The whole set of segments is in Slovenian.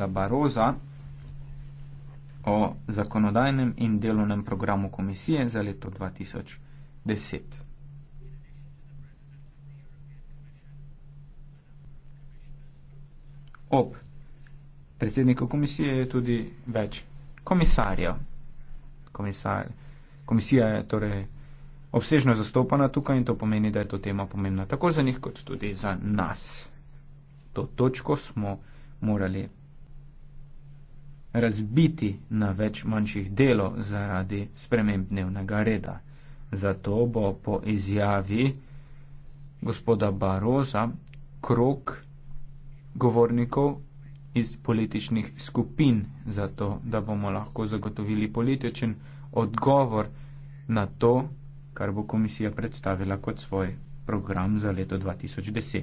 La Baroza o zakonodajnem in delovnem programu komisije za leto 2010. Ob predsedniku komisije je tudi več komisarjev. Komisar, komisija je torej obsežno zastopana tukaj in to pomeni, da je to tema pomembna tako za njih kot tudi za nas. To točko smo morali razbiti na več manjših delov zaradi sprememb dnevnega reda. Zato bo po izjavi gospoda Baroza krok govornikov iz političnih skupin, zato da bomo lahko zagotovili političen odgovor na to, kar bo komisija predstavila kot svoj program za leto 2010.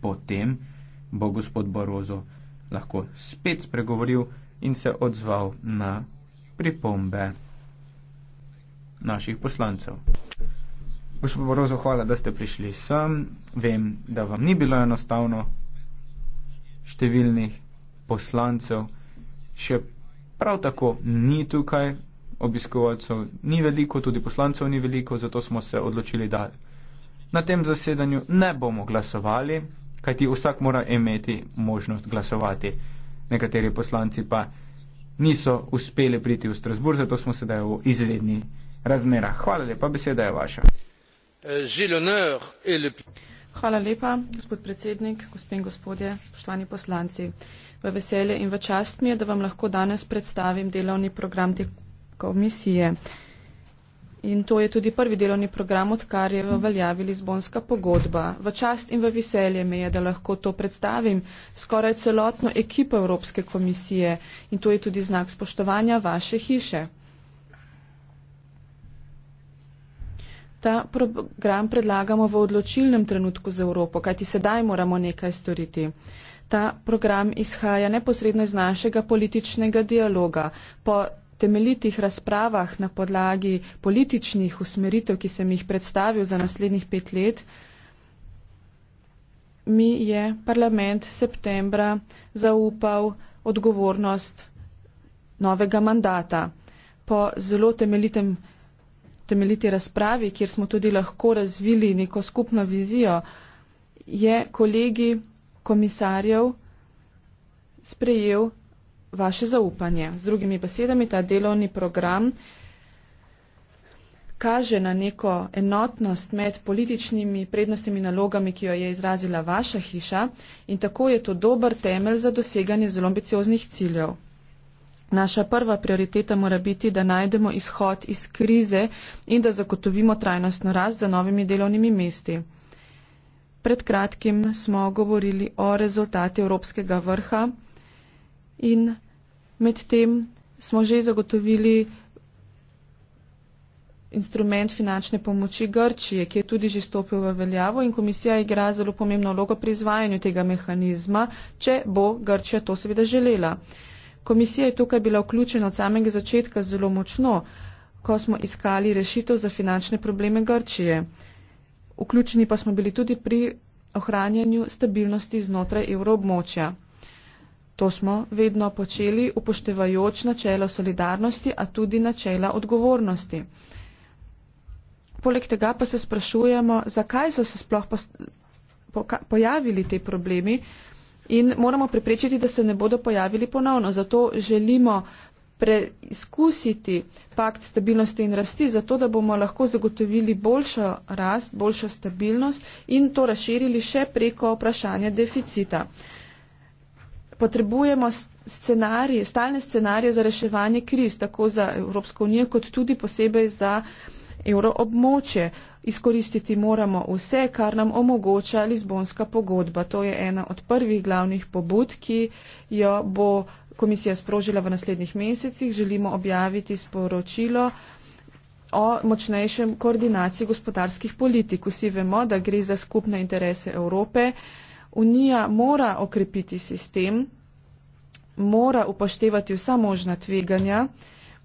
Potem bo gospod Barozo lahko spet spregovoril in se odzval na pripombe naših poslancev. Gospod Borozo, hvala, da ste prišli sem. Vem, da vam ni bilo enostavno številnih poslancev, še prav tako ni tukaj obiskovalcev, ni veliko, tudi poslancev ni veliko, zato smo se odločili, da na tem zasedanju ne bomo glasovali, kajti vsak mora imeti možnost glasovati. Nekateri poslanci pa niso uspeli priti v Strasbourg, zato smo sedaj v izredni razmera. Hvala lepa, beseda je vaša. Hvala lepa, gospod predsednik, gospe in gospodje, spoštovani poslanci. V veselje in v čast mi je, da vam lahko danes predstavim delovni program te komisije. In to je tudi prvi delovni program, odkar je v veljavi Lizbonska pogodba. V čast in v veselje me je, da lahko to predstavim skoraj celotno ekipo Evropske komisije in to je tudi znak spoštovanja vaše hiše. Ta program predlagamo v odločilnem trenutku z Evropo, kajti sedaj moramo nekaj storiti. Ta program izhaja neposredno iz našega političnega dialoga. Po temeljitih razpravah na podlagi političnih usmeritev, ki sem jih predstavil za naslednjih pet let, mi je parlament septembra zaupal odgovornost novega mandata. Po zelo temeljitem, temeljiti razpravi, kjer smo tudi lahko razvili neko skupno vizijo, je kolegi komisarjev sprejel vaše zaupanje. Z drugimi besedami, ta delovni program kaže na neko enotnost med političnimi prednostnimi nalogami, ki jo je izrazila vaša hiša in tako je to dober temelj za doseganje zelo ambicioznih ciljev. Naša prva prioriteta mora biti, da najdemo izhod iz krize in da zagotovimo trajnostno rast za novimi delovnimi mesti. Pred kratkim smo govorili o rezultati Evropskega vrha in Medtem smo že zagotovili instrument finančne pomoči Grčije, ki je tudi že stopil v veljavo in komisija igra zelo pomembno vlogo pri izvajanju tega mehanizma, če bo Grčija to seveda želela. Komisija je tukaj bila vključena od samega začetka zelo močno, ko smo iskali rešitev za finančne probleme Grčije. Vključeni pa smo bili tudi pri ohranjanju stabilnosti znotraj evroobmočja. To smo vedno počeli, upoštevajoč načelo solidarnosti, a tudi načela odgovornosti. Poleg tega pa se sprašujemo, zakaj so se sploh pojavili te problemi in moramo preprečiti, da se ne bodo pojavili ponovno. Zato želimo preizkusiti pakt stabilnosti in rasti, zato da bomo lahko zagotovili boljšo rast, boljšo stabilnost in to razširili še preko vprašanja deficita potrebujemo scenarije, stalne scenarije za reševanje kriz, tako za Evropsko unijo, kot tudi posebej za evroobmoče. Izkoristiti moramo vse, kar nam omogoča Lizbonska pogodba. To je ena od prvih glavnih pobud, ki jo bo komisija sprožila v naslednjih mesecih. Želimo objaviti sporočilo o močnejšem koordinaciji gospodarskih politik. Vsi vemo, da gre za skupne interese Evrope. Unija mora okrepiti sistem, mora upoštevati vsa možna tveganja,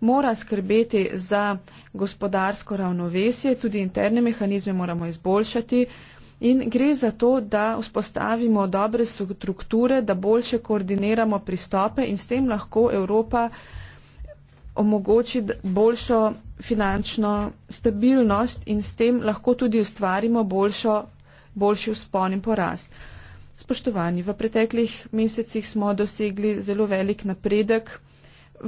mora skrbeti za gospodarsko ravnovesje, tudi interne mehanizme moramo izboljšati in gre za to, da vzpostavimo dobre strukture, da boljše koordiniramo pristope in s tem lahko Evropa omogoči boljšo finančno stabilnost in s tem lahko tudi ustvarimo boljšo, boljši vzpon in porast. Spoštovani, v preteklih mesecih smo dosegli zelo velik napredek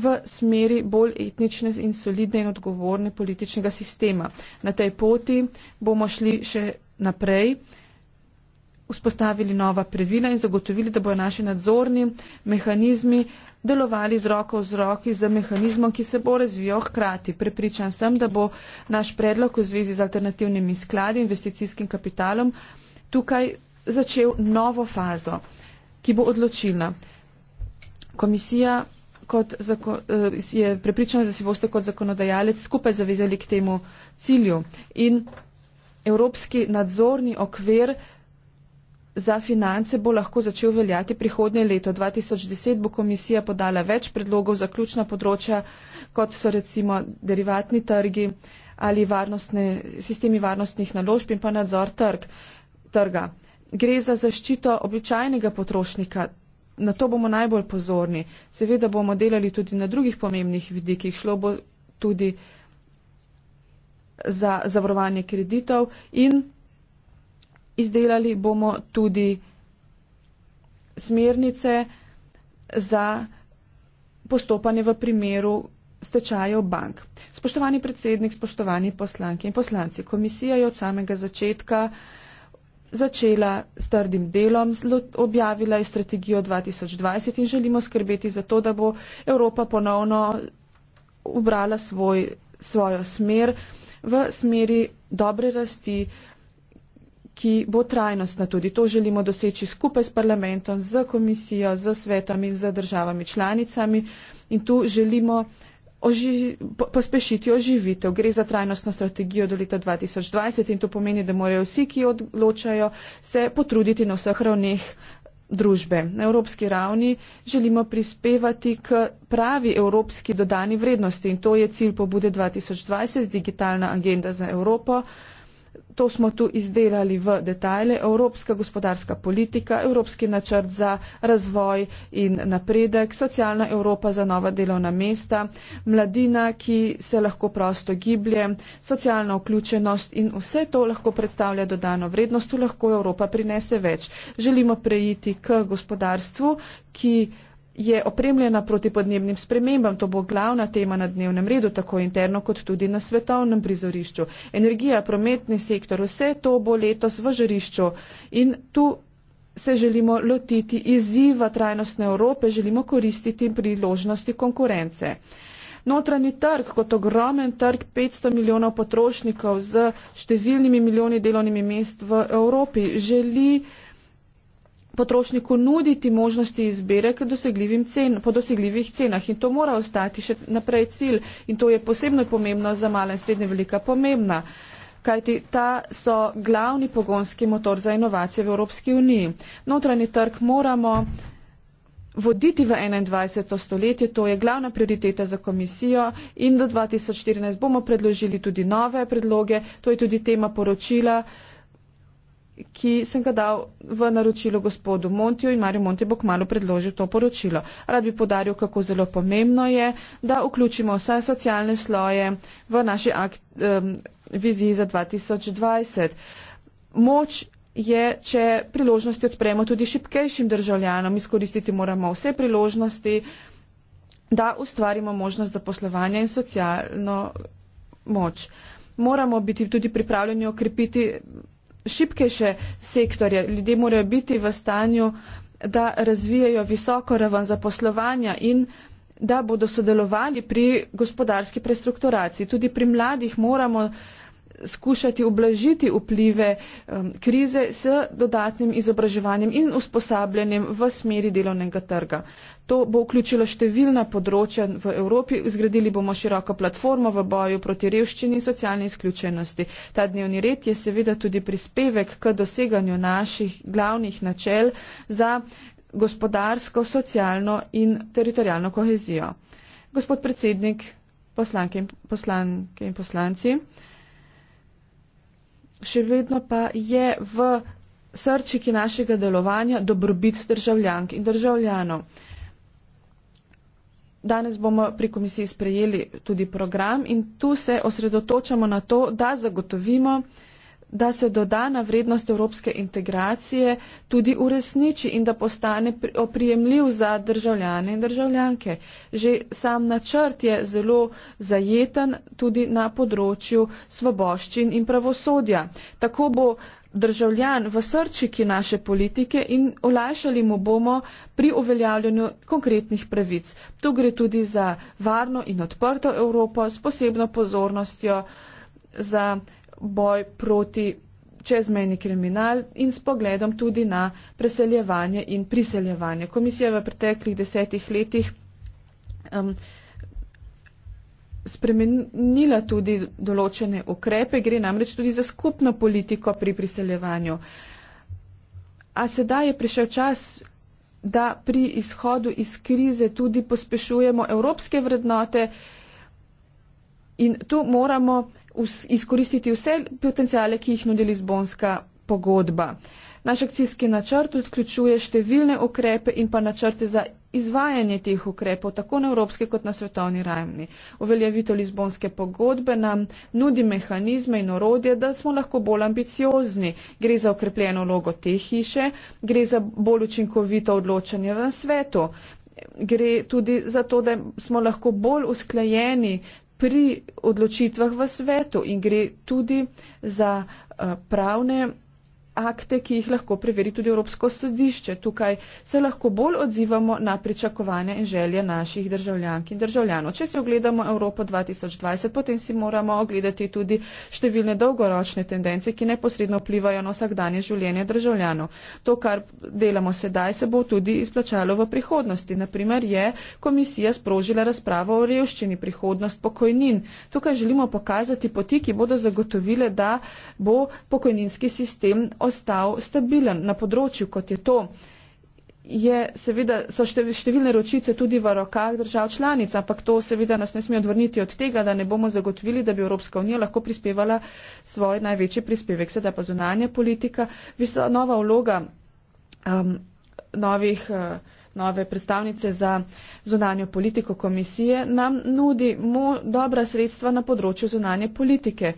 v smeri bolj etnične in solidne in odgovorne političnega sistema. Na tej poti bomo šli še naprej, vzpostavili nova previla in zagotovili, da bojo naši nadzorni mehanizmi delovali z roko v roki z mehanizmom, ki se bo razvijal hkrati. Prepričan sem, da bo naš predlog v zvezi z alternativnimi skladi, investicijskim kapitalom tukaj začel novo fazo, ki bo odločilna. Komisija eh, je prepričana, da se boste kot zakonodajalec skupaj zavezali k temu cilju in evropski nadzorni okvir za finance bo lahko začel veljati prihodnje leto. 2010 bo komisija podala več predlogov za ključna področja, kot so recimo derivatni trgi ali sistemi varnostnih naložb in pa nadzor trg, trga gre za zaščito običajnega potrošnika. Na to bomo najbolj pozorni. Seveda bomo delali tudi na drugih pomembnih vidikih. Šlo bo tudi za zavarovanje kreditov in izdelali bomo tudi smernice za postopanje v primeru stečajev bank. Spoštovani predsednik, spoštovani poslanke in poslanci, komisija je od samega začetka začela s trdim delom, objavila je strategijo 2020 in želimo skrbeti za to, da bo Evropa ponovno ubrala svoj, svojo smer v smeri dobre rasti, ki bo trajnostna tudi. To želimo doseči skupaj s parlamentom, z komisijo, z svetom in z državami članicami in tu želimo oži, pospešiti oživitev. Gre za trajnostno strategijo do leta 2020 in to pomeni, da morajo vsi, ki odločajo, se potruditi na vseh ravneh družbe. Na evropski ravni želimo prispevati k pravi evropski dodani vrednosti in to je cilj pobude 2020, digitalna agenda za Evropo. To smo tu izdelali v detajle. Evropska gospodarska politika, Evropski načrt za razvoj in napredek, socialna Evropa za nova delovna mesta, mladina, ki se lahko prosto giblje, socialna vključenost in vse to lahko predstavlja dodano vrednost, tu lahko Evropa prinese več. Želimo prejiti k gospodarstvu, ki je opremljena proti podnebnim spremembam. To bo glavna tema na dnevnem redu, tako interno kot tudi na svetovnem prizorišču. Energija, prometni sektor, vse to bo letos v žarišču in tu se želimo lotiti izziva trajnostne Evrope, želimo koristiti priložnosti konkurence. Notranji trg kot ogromen trg 500 milijonov potrošnikov z številnimi milijoni delovnimi mest v Evropi želi potrošniku nuditi možnosti izbire cen, po dosegljivih cenah in to mora ostati še naprej cilj in to je posebno pomembno za male in srednje velika pomembna, kajti ta so glavni pogonski motor za inovacije v Evropski uniji. Notranji trg moramo voditi v 21. stoletje, to je glavna prioriteta za komisijo in do 2014 bomo predložili tudi nove predloge, to je tudi tema poročila ki sem ga dal v naročilo gospodu Montiju in Mario Monti bo kmalo predložil to poročilo. Rad bi podaril, kako zelo pomembno je, da vključimo vse socialne sloje v naši akt, um, viziji za 2020. Moč je, če priložnosti odpremo tudi šipkejšim državljanom, izkoristiti moramo vse priložnosti, da ustvarimo možnost zaposlovanja in socialno moč. Moramo biti tudi pripravljeni okrepiti šibkejše sektorje. Ljudje morajo biti v stanju, da razvijajo visoko raven zaposlovanja in da bodo sodelovali pri gospodarski prestrukturaciji. Tudi pri mladih moramo skušati ublažiti vplive um, krize s dodatnim izobraževanjem in usposabljanjem v smeri delovnega trga. To bo vključilo številna področja v Evropi. Zgradili bomo široko platformo v boju proti revščini in socialni izključenosti. Ta dnevni red je seveda tudi prispevek k doseganju naših glavnih načel za gospodarsko, socialno in teritorijalno kohezijo. Gospod predsednik, poslanke in poslanci še vedno pa je v srčiki našega delovanja dobrobit državljank in državljanov. Danes bomo pri komisiji sprejeli tudi program in tu se osredotočamo na to, da zagotovimo da se dodana vrednost evropske integracije tudi uresniči in da postane oprijemljiv za državljane in državljanke. Že sam načrt je zelo zajeten tudi na področju svoboščin in pravosodja. Tako bo državljan v srčiki naše politike in olajšali mu bomo pri uveljavljanju konkretnih pravic. Tu gre tudi za varno in odprto Evropo s posebno pozornostjo za boj proti čezmejni kriminal in s pogledom tudi na preseljevanje in priseljevanje. Komisija je v preteklih desetih letih um, spremenila tudi določene ukrepe, gre namreč tudi za skupno politiko pri priseljevanju. A sedaj je prišel čas, da pri izhodu iz krize tudi pospešujemo evropske vrednote in tu moramo izkoristiti vse potencijale, ki jih nudi Lizbonska pogodba. Naš akcijski načrt odključuje številne ukrepe in pa načrte za izvajanje teh ukrepov, tako na evropski kot na svetovni ravni. Uveljavitev Lizbonske pogodbe nam nudi mehanizme in orodje, da smo lahko bolj ambiciozni. Gre za okrepljeno logo te hiše, gre za bolj učinkovito odločanje v svetu. Gre tudi za to, da smo lahko bolj usklajeni pri odločitvah v svetu in gre tudi za eh, pravne akte, ki jih lahko preveri tudi Evropsko sodišče. Tukaj se lahko bolj odzivamo na pričakovanja in želje naših državljank in državljanov. Če si ogledamo Evropo 2020, potem si moramo ogledati tudi številne dolgoročne tendence, ki neposredno vplivajo na vsakdanje življenje državljanov. To, kar delamo sedaj, se bo tudi izplačalo v prihodnosti. Naprimer je komisija sprožila razpravo o revščini prihodnost pokojnin. Tukaj želimo pokazati poti, ki bodo zagotovile, da bo pokojninski sistem ostal stabilen na področju, kot je to. Je, seveda so številne ročice tudi v rokah držav članic, ampak to seveda nas ne sme odvrniti od tega, da ne bomo zagotovili, da bi Evropska unija lahko prispevala svoj največji prispevek. Sedaj pa zunanja politika, Viso, nova vloga um, novih. Uh, nove predstavnice za zunanjo politiko komisije, nam nudi mo dobra sredstva na področju zunanje politike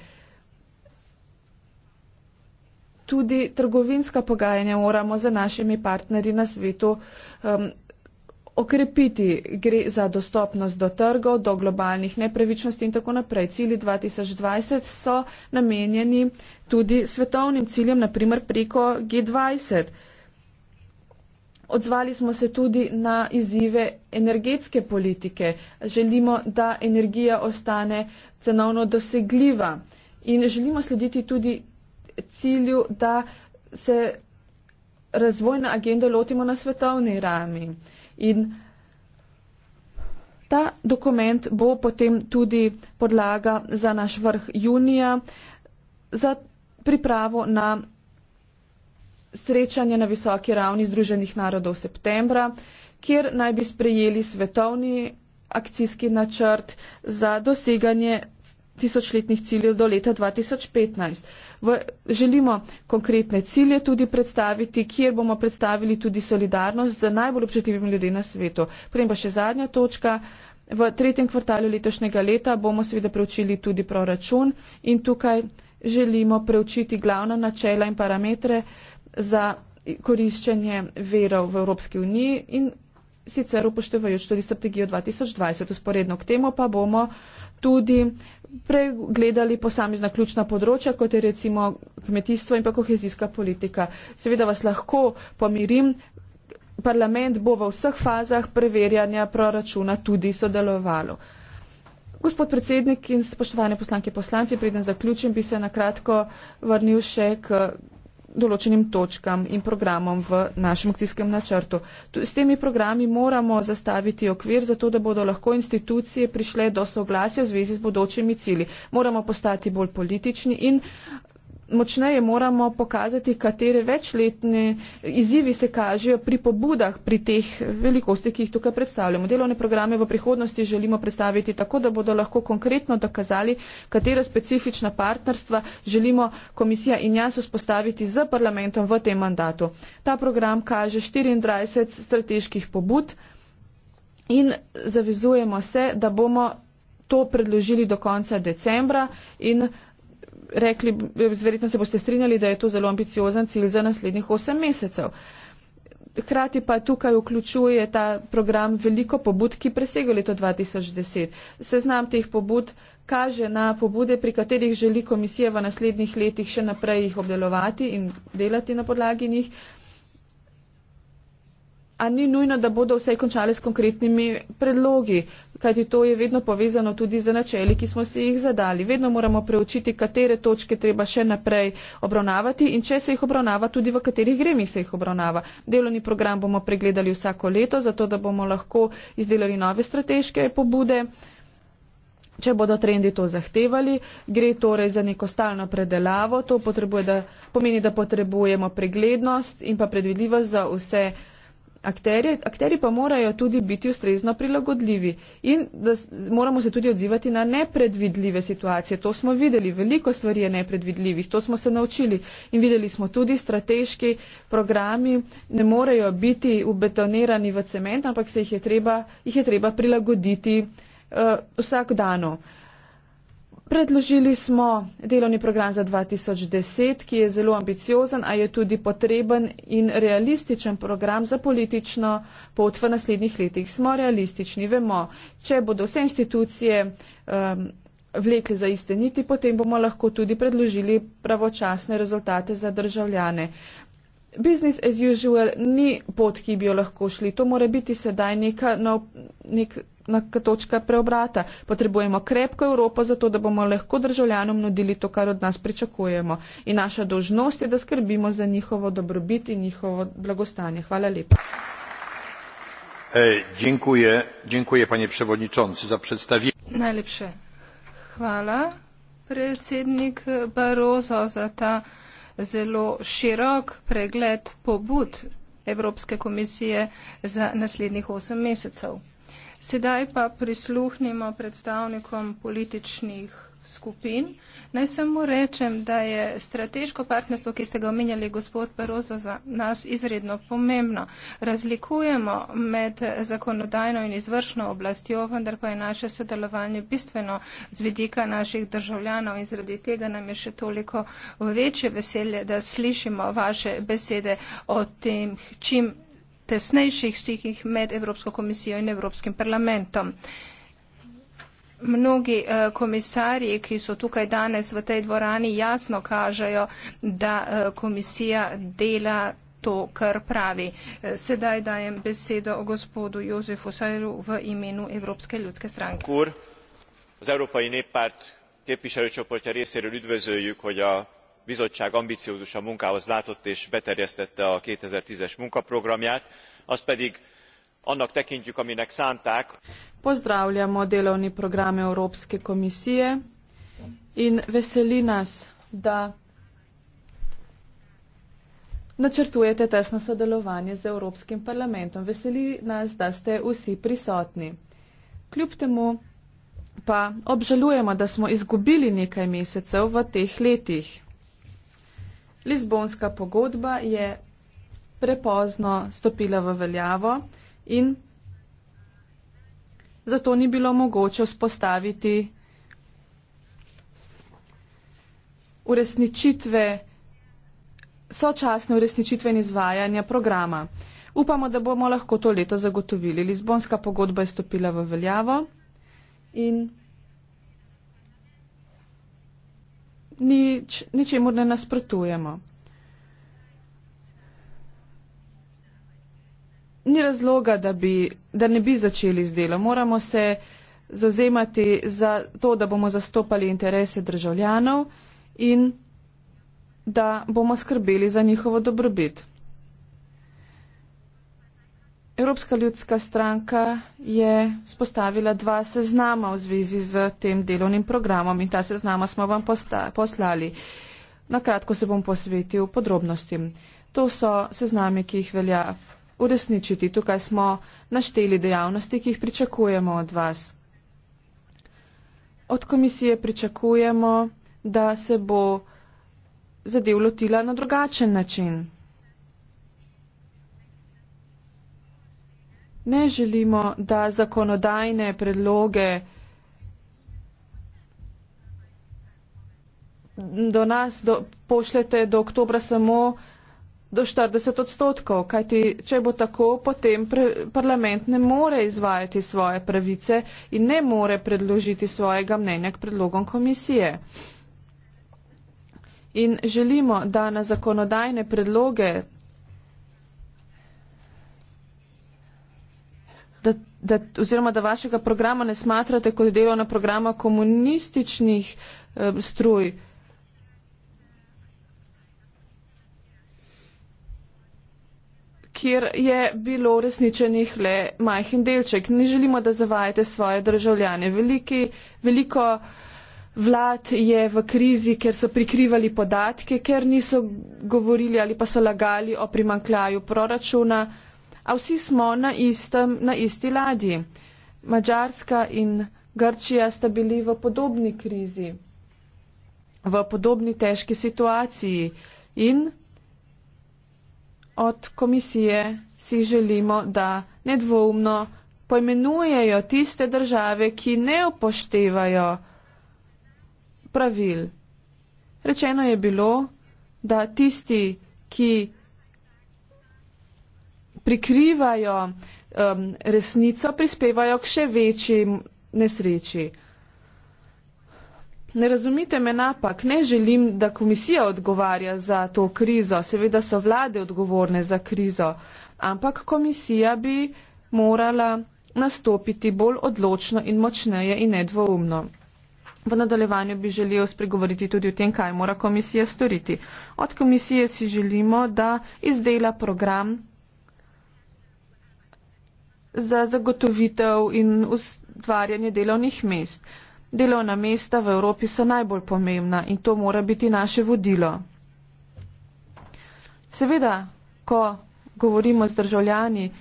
tudi trgovinska pogajanja moramo za našimi partnerji na svetu um, okrepiti. Gre za dostopnost do trgov, do globalnih nepravičnosti in tako naprej. Cili 2020 so namenjeni tudi svetovnim ciljem, naprimer preko G20. Odzvali smo se tudi na izzive energetske politike. Želimo, da energija ostane cenovno dosegljiva in želimo slediti tudi cilju, da se razvojne agende lotimo na svetovni rami. In ta dokument bo potem tudi podlaga za naš vrh junija, za pripravo na srečanje na visoki ravni Združenih narodov septembra, kjer naj bi sprejeli svetovni akcijski načrt za doseganje tisočletnih ciljev do leta 2015. V, želimo konkretne cilje tudi predstaviti, kjer bomo predstavili tudi solidarnost z najbolj občutljivimi ljudmi na svetu. Potem pa še zadnja točka. V tretjem kvartalu letošnjega leta bomo seveda preučili tudi proračun in tukaj želimo preučiti glavna načela in parametre za koriščenje verov v Evropski uniji in sicer upoštevajoč tudi strategijo 2020. Usporedno k temu pa bomo tudi pregledali posamezna ključna področja, kot je recimo kmetijstvo in pa kohezijska politika. Seveda vas lahko pomirim, parlament bo v vseh fazah preverjanja proračuna tudi sodelovalo. Gospod predsednik in spoštovane poslanke poslanci, preden zaključim, bi se na kratko vrnil še k določenim točkam in programom v našem akcijskem načrtu. S temi programi moramo zastaviti okvir za to, da bodo lahko institucije prišle do soglasja v zvezi z bodočimi cili. Moramo postati bolj politični in močneje moramo pokazati, katere večletne izzivi se kažejo pri pobudah, pri teh velikosti, ki jih tukaj predstavljamo. Delovne programe v prihodnosti želimo predstaviti tako, da bodo lahko konkretno dokazali, katera specifična partnerstva želimo komisija in jaz vzpostaviti z parlamentom v tem mandatu. Ta program kaže 24 strateških pobud in zavezujemo se, da bomo to predložili do konca decembra in rekli, verjetno se boste strinjali, da je to zelo ambiciozen cilj za naslednjih 8 mesecev. Hkrati pa tukaj vključuje ta program veliko pobud, ki presega leto 2010. Seznam teh pobud kaže na pobude, pri katerih želi komisija v naslednjih letih še naprej jih obdelovati in delati na podlagi njih a ni nujno, da bodo vse končale s konkretnimi predlogi, kajti to je vedno povezano tudi z načeli, ki smo si jih zadali. Vedno moramo preučiti, katere točke treba še naprej obravnavati in če se jih obravnava, tudi v katerih gremih se jih obravnava. Delovni program bomo pregledali vsako leto, zato da bomo lahko izdelali nove strateške pobude. Če bodo trendi to zahtevali, gre torej za neko stalno predelavo, to da, pomeni, da potrebujemo preglednost in pa predvidljivost za vse akterje, akteri pa morajo tudi biti ustrezno prilagodljivi in da moramo se tudi odzivati na nepredvidljive situacije. To smo videli, veliko stvari je nepredvidljivih, to smo se naučili in videli smo tudi strateški programi, ne morejo biti ubetonirani v cement, ampak se jih je treba, jih je treba prilagoditi uh, eh, vsak dano. Uh, Predložili smo delovni program za 2010, ki je zelo ambiciozen, a je tudi potreben in realističen program za politično pot v naslednjih letih. Smo realistični, vemo, če bodo vse institucije um, vlekli za iste niti, potem bomo lahko tudi predložili pravočasne rezultate za državljane. Business as usual ni pot, ki bi jo lahko šli. To mora biti sedaj neka, no, nek na točke preobrata. Potrebujemo krepko Evropo, zato da bomo lahko državljanom nudili to, kar od nas pričakujemo. In naša dožnost je, da skrbimo za njihovo dobrobit in njihovo blagostanje. Hvala lepa. E, dziękuję, dziękuję panie przewodniczący za przedstawienie. Najlepsze. Chwała, przewodnik Barroso, za ta zelo szerok pregled pobud Europejskiej Komisji za następnych 8 miesięcy. Sedaj pa prisluhnimo predstavnikom političnih skupin. Naj samo rečem, da je strateško partnerstvo, ki ste ga omenjali, gospod Barozo, za nas izredno pomembno. Razlikujemo med zakonodajno in izvršno oblastjo, vendar pa je naše sodelovanje bistveno z vidika naših državljanov in zaradi tega nam je še toliko večje veselje, da slišimo vaše besede o tem, čim tesnejših stikih med Evropsko komisijo in Evropskim parlamentom. Mnogi eh, komisarji, ki so tukaj danes v tej dvorani, jasno kažejo, da eh, komisija dela to, kar pravi. Eh, sedaj dajem besedo gospodu Jozefu Sajru v imenu Evropske ljudske stranke. Kur, az Európai Néppárt képviselőcsoportja részéről üdvözöljük, hogy a bizottság ambiciózusabb munkához látott és beterjesztette a two thousand and ten es munkaprogramját azt pedig annak tekintjük aminek szánták. pozdravljamo delovni program evropske komisije in veseli nas da načrtujete tesno sodelovanje z evropskim parlamentom veseli nas da ste vsi prisotni kljub temu pa obžalujemo da smo izgubili nekaj mesecev v teh letih. Lizbonska pogodba je prepozno stopila v veljavo in zato ni bilo mogoče spostaviti uresničitve, sočasne uresničitve in izvajanja programa. Upamo, da bomo lahko to leto zagotovili. Lizbonska pogodba je stopila v veljavo in nič, ničemur ne nasprotujemo. Ni razloga, da, bi, da ne bi začeli z delom. Moramo se zauzemati za to, da bomo zastopali interese državljanov in da bomo skrbeli za njihovo dobrobit. Evropska ljudska stranka je spostavila dva seznama v zvezi z tem delovnim programom in ta seznama smo vam posta, poslali. Na kratko se bom posvetil podrobnostim. To so sezname, ki jih velja uresničiti. Tukaj smo našteli dejavnosti, ki jih pričakujemo od vas. Od komisije pričakujemo, da se bo zadev lotila na drugačen način. ne želimo, da zakonodajne predloge do nas do, pošljete do oktobra samo do 40 odstotkov, kajti če bo tako, potem pre, parlament ne more izvajati svoje pravice in ne more predložiti svojega mnenja k predlogom komisije. In želimo, da na zakonodajne predloge da, da, oziroma da vašega programa ne smatrate kot delovna programa komunističnih eh, struj. kjer je bilo uresničenih le majhen delček. Ne želimo, da zavajate svoje državljane. Veliki, veliko vlad je v krizi, ker so prikrivali podatke, ker niso govorili ali pa so lagali o primankljaju proračuna a vsi smo na, istem, na isti ladji. Mačarska in Grčija sta bili v podobni krizi, v podobni težki situaciji in od komisije si želimo, da nedvoumno poimenujejo tiste države, ki ne upoštevajo pravil. Rečeno je bilo, da tisti, ki prikrivajo um, resnico, prispevajo k še večji nesreči. Ne razumite me napak, ne želim, da komisija odgovarja za to krizo, seveda so vlade odgovorne za krizo, ampak komisija bi morala nastopiti bolj odločno in močneje in nedvoumno. V nadaljevanju bi želel spregovoriti tudi o tem, kaj mora komisija storiti. Od komisije si želimo, da izdela program za zagotovitev in ustvarjanje delovnih mest. Delovna mesta v Evropi so najbolj pomembna in to mora biti naše vodilo. Seveda, ko govorimo z državljani,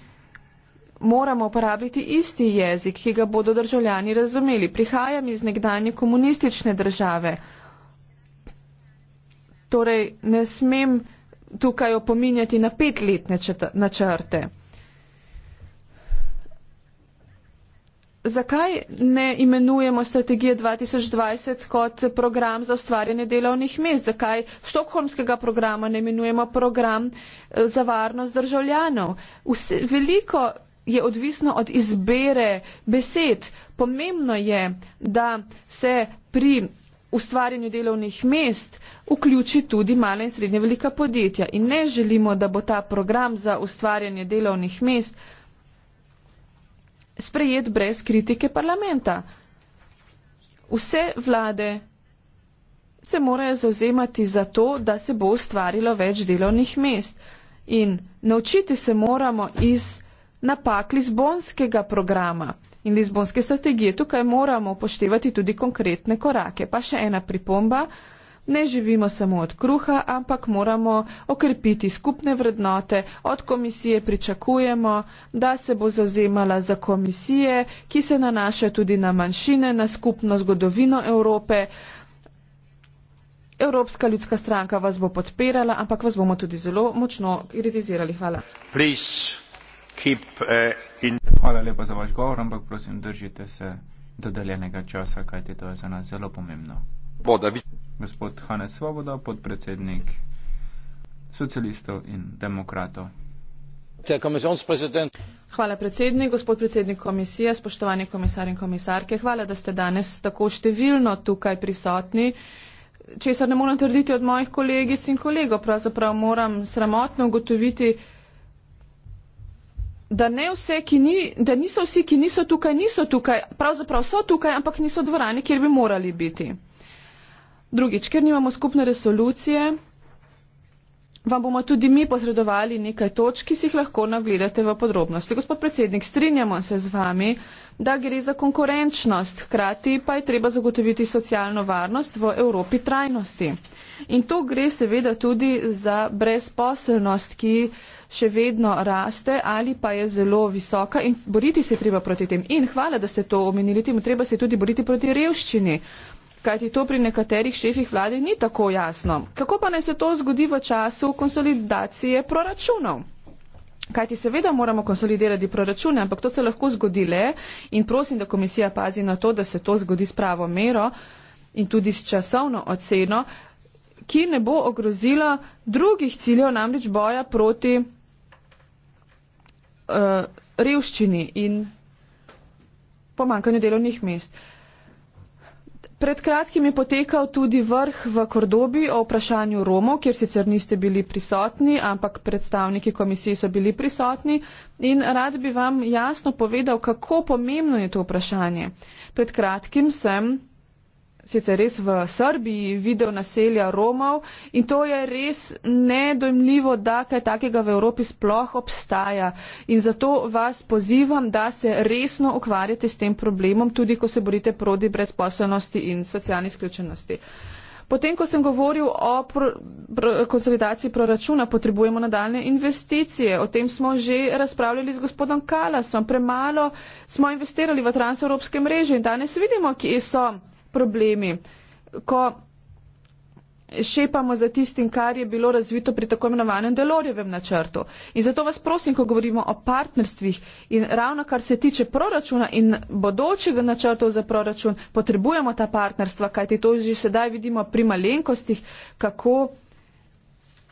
moramo uporabljati isti jezik, ki ga bodo državljani razumeli. Prihajam iz nekdanje komunistične države. Torej, ne smem tukaj opominjati na petletne načrte. Čet Zakaj ne imenujemo strategije 2020 kot program za ustvarjanje delovnih mest? Zakaj štokholmskega programa ne imenujemo program eh, za varnost državljanov? Vse, veliko je odvisno od izbere besed. Pomembno je, da se pri ustvarjanju delovnih mest vključi tudi mala in srednje velika podjetja. In ne želimo, da bo ta program za ustvarjanje delovnih mest sprejet brez kritike parlamenta. Vse vlade se morajo zauzemati za to, da se bo ustvarilo več delovnih mest. In naučiti se moramo iz napak Lizbonskega programa in Lizbonske strategije. Tukaj moramo poštevati tudi konkretne korake. Pa še ena pripomba ne živimo samo od kruha, ampak moramo okrepiti skupne vrednote. Od komisije pričakujemo, da se bo zauzemala za komisije, ki se nanaša tudi na manjšine, na skupno zgodovino Evrope. Evropska ljudska stranka vas bo podpirala, ampak vas bomo tudi zelo močno kritizirali. Hvala. Keep, uh, in... Hvala lepa za vaš govor, ampak prosim držite se dodeljenega časa, kajti to je za nas zelo pomembno. Svoboda. Gospod Hane Svoboda, podpredsednik socialistov in demokratov. Hvala predsednik, gospod predsednik komisije, spoštovani komisar in komisarke. Hvala, da ste danes tako številno tukaj prisotni. Česar ne moram trditi od mojih kolegic in kolegov, pravzaprav moram sramotno ugotoviti, da, vse, ni, da niso vsi, ki niso tukaj, niso tukaj, pravzaprav so tukaj, ampak niso dvorani, kjer bi morali biti. Drugič, ker nimamo skupne resolucije, vam bomo tudi mi posredovali nekaj točk, ki si jih lahko nagledate v podrobnosti. Gospod predsednik, strinjamo se z vami, da gre za konkurenčnost, hkrati pa je treba zagotoviti socialno varnost v Evropi trajnosti. In to gre seveda tudi za brezposelnost, ki še vedno raste ali pa je zelo visoka in boriti se treba proti tem. In hvala, da ste to omenili, tem treba se tudi boriti proti revščini kajti to pri nekaterih šefih vlade ni tako jasno. Kako pa naj se to zgodi v času konsolidacije proračunov? Kajti seveda moramo konsolidirati proračune, ampak to se lahko zgodi le in prosim, da komisija pazi na to, da se to zgodi s pravo mero in tudi s časovno oceno, ki ne bo ogrozila drugih ciljev, namreč boja proti uh, revščini in pomankanju delovnih mest. Uh, Pred kratkim je potekal tudi vrh v Kordobi o vprašanju Romov, kjer sicer niste bili prisotni, ampak predstavniki komisije so bili prisotni in rad bi vam jasno povedal, kako pomembno je to vprašanje. Pred kratkim sem sicer res v Srbiji, videl naselja Romov in to je res nedojmljivo, da kaj takega v Evropi sploh obstaja. In zato vas pozivam, da se resno ukvarjate s tem problemom, tudi ko se borite proti brezposelnosti in socialni izključenosti. Potem, ko sem govoril o pro, pro, konsolidaciji proračuna, potrebujemo nadaljne investicije. O tem smo že razpravljali z gospodom Kalasom. Premalo smo investirali v transevropske mreže in danes vidimo, kje so problemi. Ko šepamo za tistim, kar je bilo razvito pri tako imenovanem delorjevem načrtu. In zato vas prosim, ko govorimo o partnerstvih in ravno kar se tiče proračuna in bodočega načrtov za proračun, potrebujemo ta partnerstva, kajti to že sedaj vidimo pri malenkostih, kako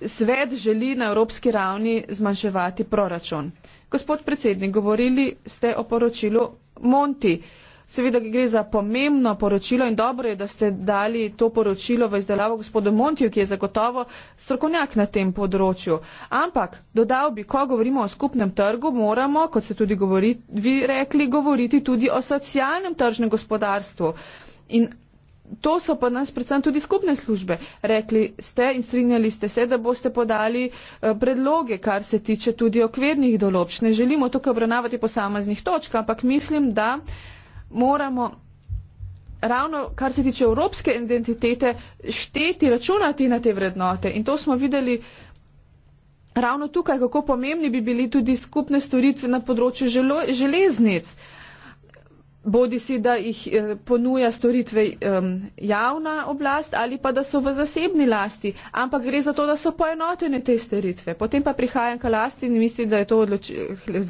svet želi na evropski ravni zmanjševati proračun. Gospod predsednik, govorili ste o poročilu Monti. Uh, Seveda gre za pomembno poročilo in dobro je, da ste dali to poročilo v izdelavo gospodu Montiju, ki je zagotovo strokovnjak na tem področju. Ampak dodal bi, ko govorimo o skupnem trgu, moramo, kot ste tudi govori, vi rekli, govoriti tudi o socialnem tržnem gospodarstvu. In To so pa nas predvsem tudi skupne službe. Rekli ste in strinjali ste se, da boste podali eh, predloge, kar se tiče tudi okvirnih določb. Ne želimo tukaj obravnavati posameznih točk, ampak mislim, da moramo ravno kar se tiče evropske identitete šteti, računati na te vrednote. In to smo videli ravno tukaj, kako pomembni bi bili tudi skupne storitve na področju želo, železnic. Bodi si, da jih eh, ponuja storitve javna oblast ali pa da so v zasebni lasti, ampak gre za to, da so poenotene te storitve. Potem pa prihajam k lasti in mislim, da je to odloči,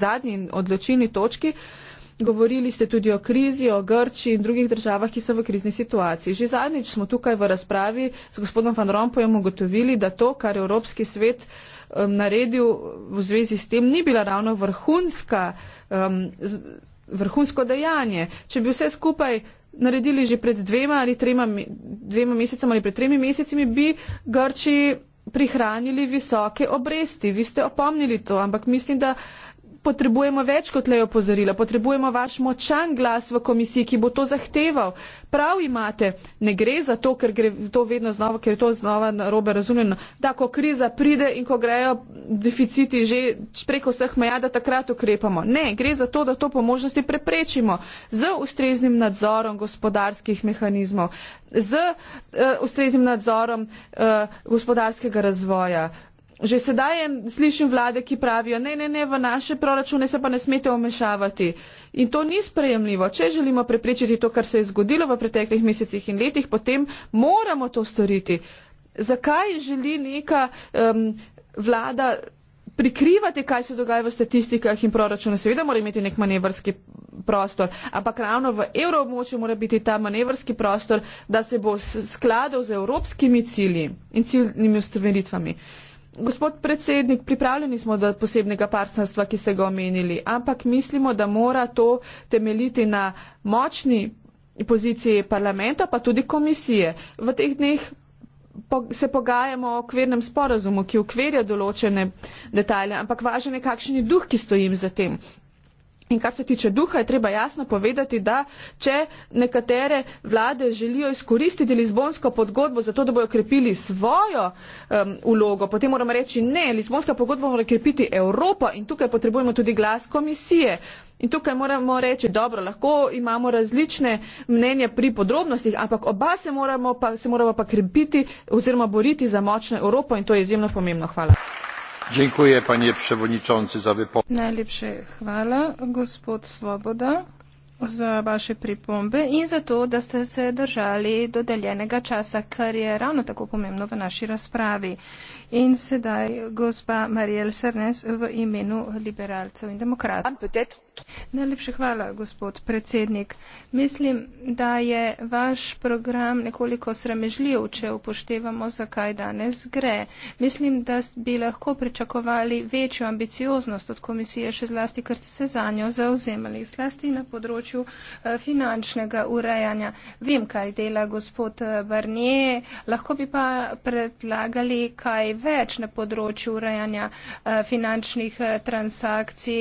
zadnji odločilni točki, Govorili ste tudi o krizi, o Grči in drugih državah, ki so v krizni situaciji. Že zadnjič smo tukaj v razpravi s gospodom Van Rompojem ugotovili, da to, kar je Evropski svet um, naredil v zvezi s tem, ni bila ravno vrhunska, um, vrhunsko dejanje. Če bi vse skupaj naredili že pred dvema ali trema, dvema mesecama ali pred tremi mesecimi, bi Grči prihranili visoke obresti. Vi ste opomnili to, ampak mislim, da potrebujemo več kot le opozorila, potrebujemo vaš močan glas v komisiji, ki bo to zahteval. Prav imate, ne gre za to, ker gre to vedno znova, ker je to znova narobe razumljeno, da ko kriza pride in ko grejo deficiti že preko vseh meja, da takrat ukrepamo. Ne, gre za to, da to po možnosti preprečimo z ustreznim nadzorom gospodarskih mehanizmov, z uh, ustreznim nadzorom uh, gospodarskega razvoja, uh, že sedaj slišim vlade, ki pravijo, ne, ne, ne, v naše proračune se pa ne smete omešavati. In to ni sprejemljivo. Če želimo preprečiti to, kar se je zgodilo v preteklih mesecih in letih, potem moramo to storiti. Zakaj želi neka um, vlada prikrivati, kaj se dogaja v statistikah in proračunu? Seveda mora imeti nek manevrski prostor, ampak ravno v evroobmočju mora biti ta manevrski prostor, da se bo skladal z evropskimi cilji in ciljnimi ustvaritvami. Uh, Gospod predsednik, pripravljeni smo do posebnega partnerstva, ki ste ga omenili, ampak mislimo, da mora to temeljiti na močni poziciji parlamenta, pa tudi komisije. V teh dneh se pogajamo o okvirnem sporazumu, ki ukverja določene detalje, ampak važen je, kakšen je duh, ki stojim za tem. In kar se tiče duha, je treba jasno povedati, da če nekatere vlade želijo izkoristiti Lizbonsko podgodbo za to, da bojo krepili svojo um, ulogo, potem moramo reči ne, Lizbonska podgodba mora krepiti Evropo in tukaj potrebujemo tudi glas komisije. In tukaj moramo reči, dobro, lahko imamo različne mnenja pri podrobnostih, ampak oba se moramo pa, se moramo pa krepiti oziroma boriti za močno Evropo in to je izjemno pomembno. Hvala dziękuję panie przewodniczący za wypowiedź. najlepsze chwale gospod swoboda za vaše pripombe in za to, da ste se držali dodeljenega časa, kar je ravno tako pomembno v naši razpravi. In sedaj gospa Marijel Srnes v imenu liberalcev in demokratov. Najlepša hvala, gospod predsednik. Mislim, da je vaš program nekoliko sramežljiv, če upoštevamo, zakaj danes gre. Mislim, da bi lahko pričakovali večjo ambicioznost od komisije, še zlasti, ker ste se za njo zauzemali, zlasti na področju eh, finančnega urejanja. Vem, kaj dela gospod eh, Barnije, lahko bi pa predlagali kaj več na področju urejanja eh, finančnih transakcij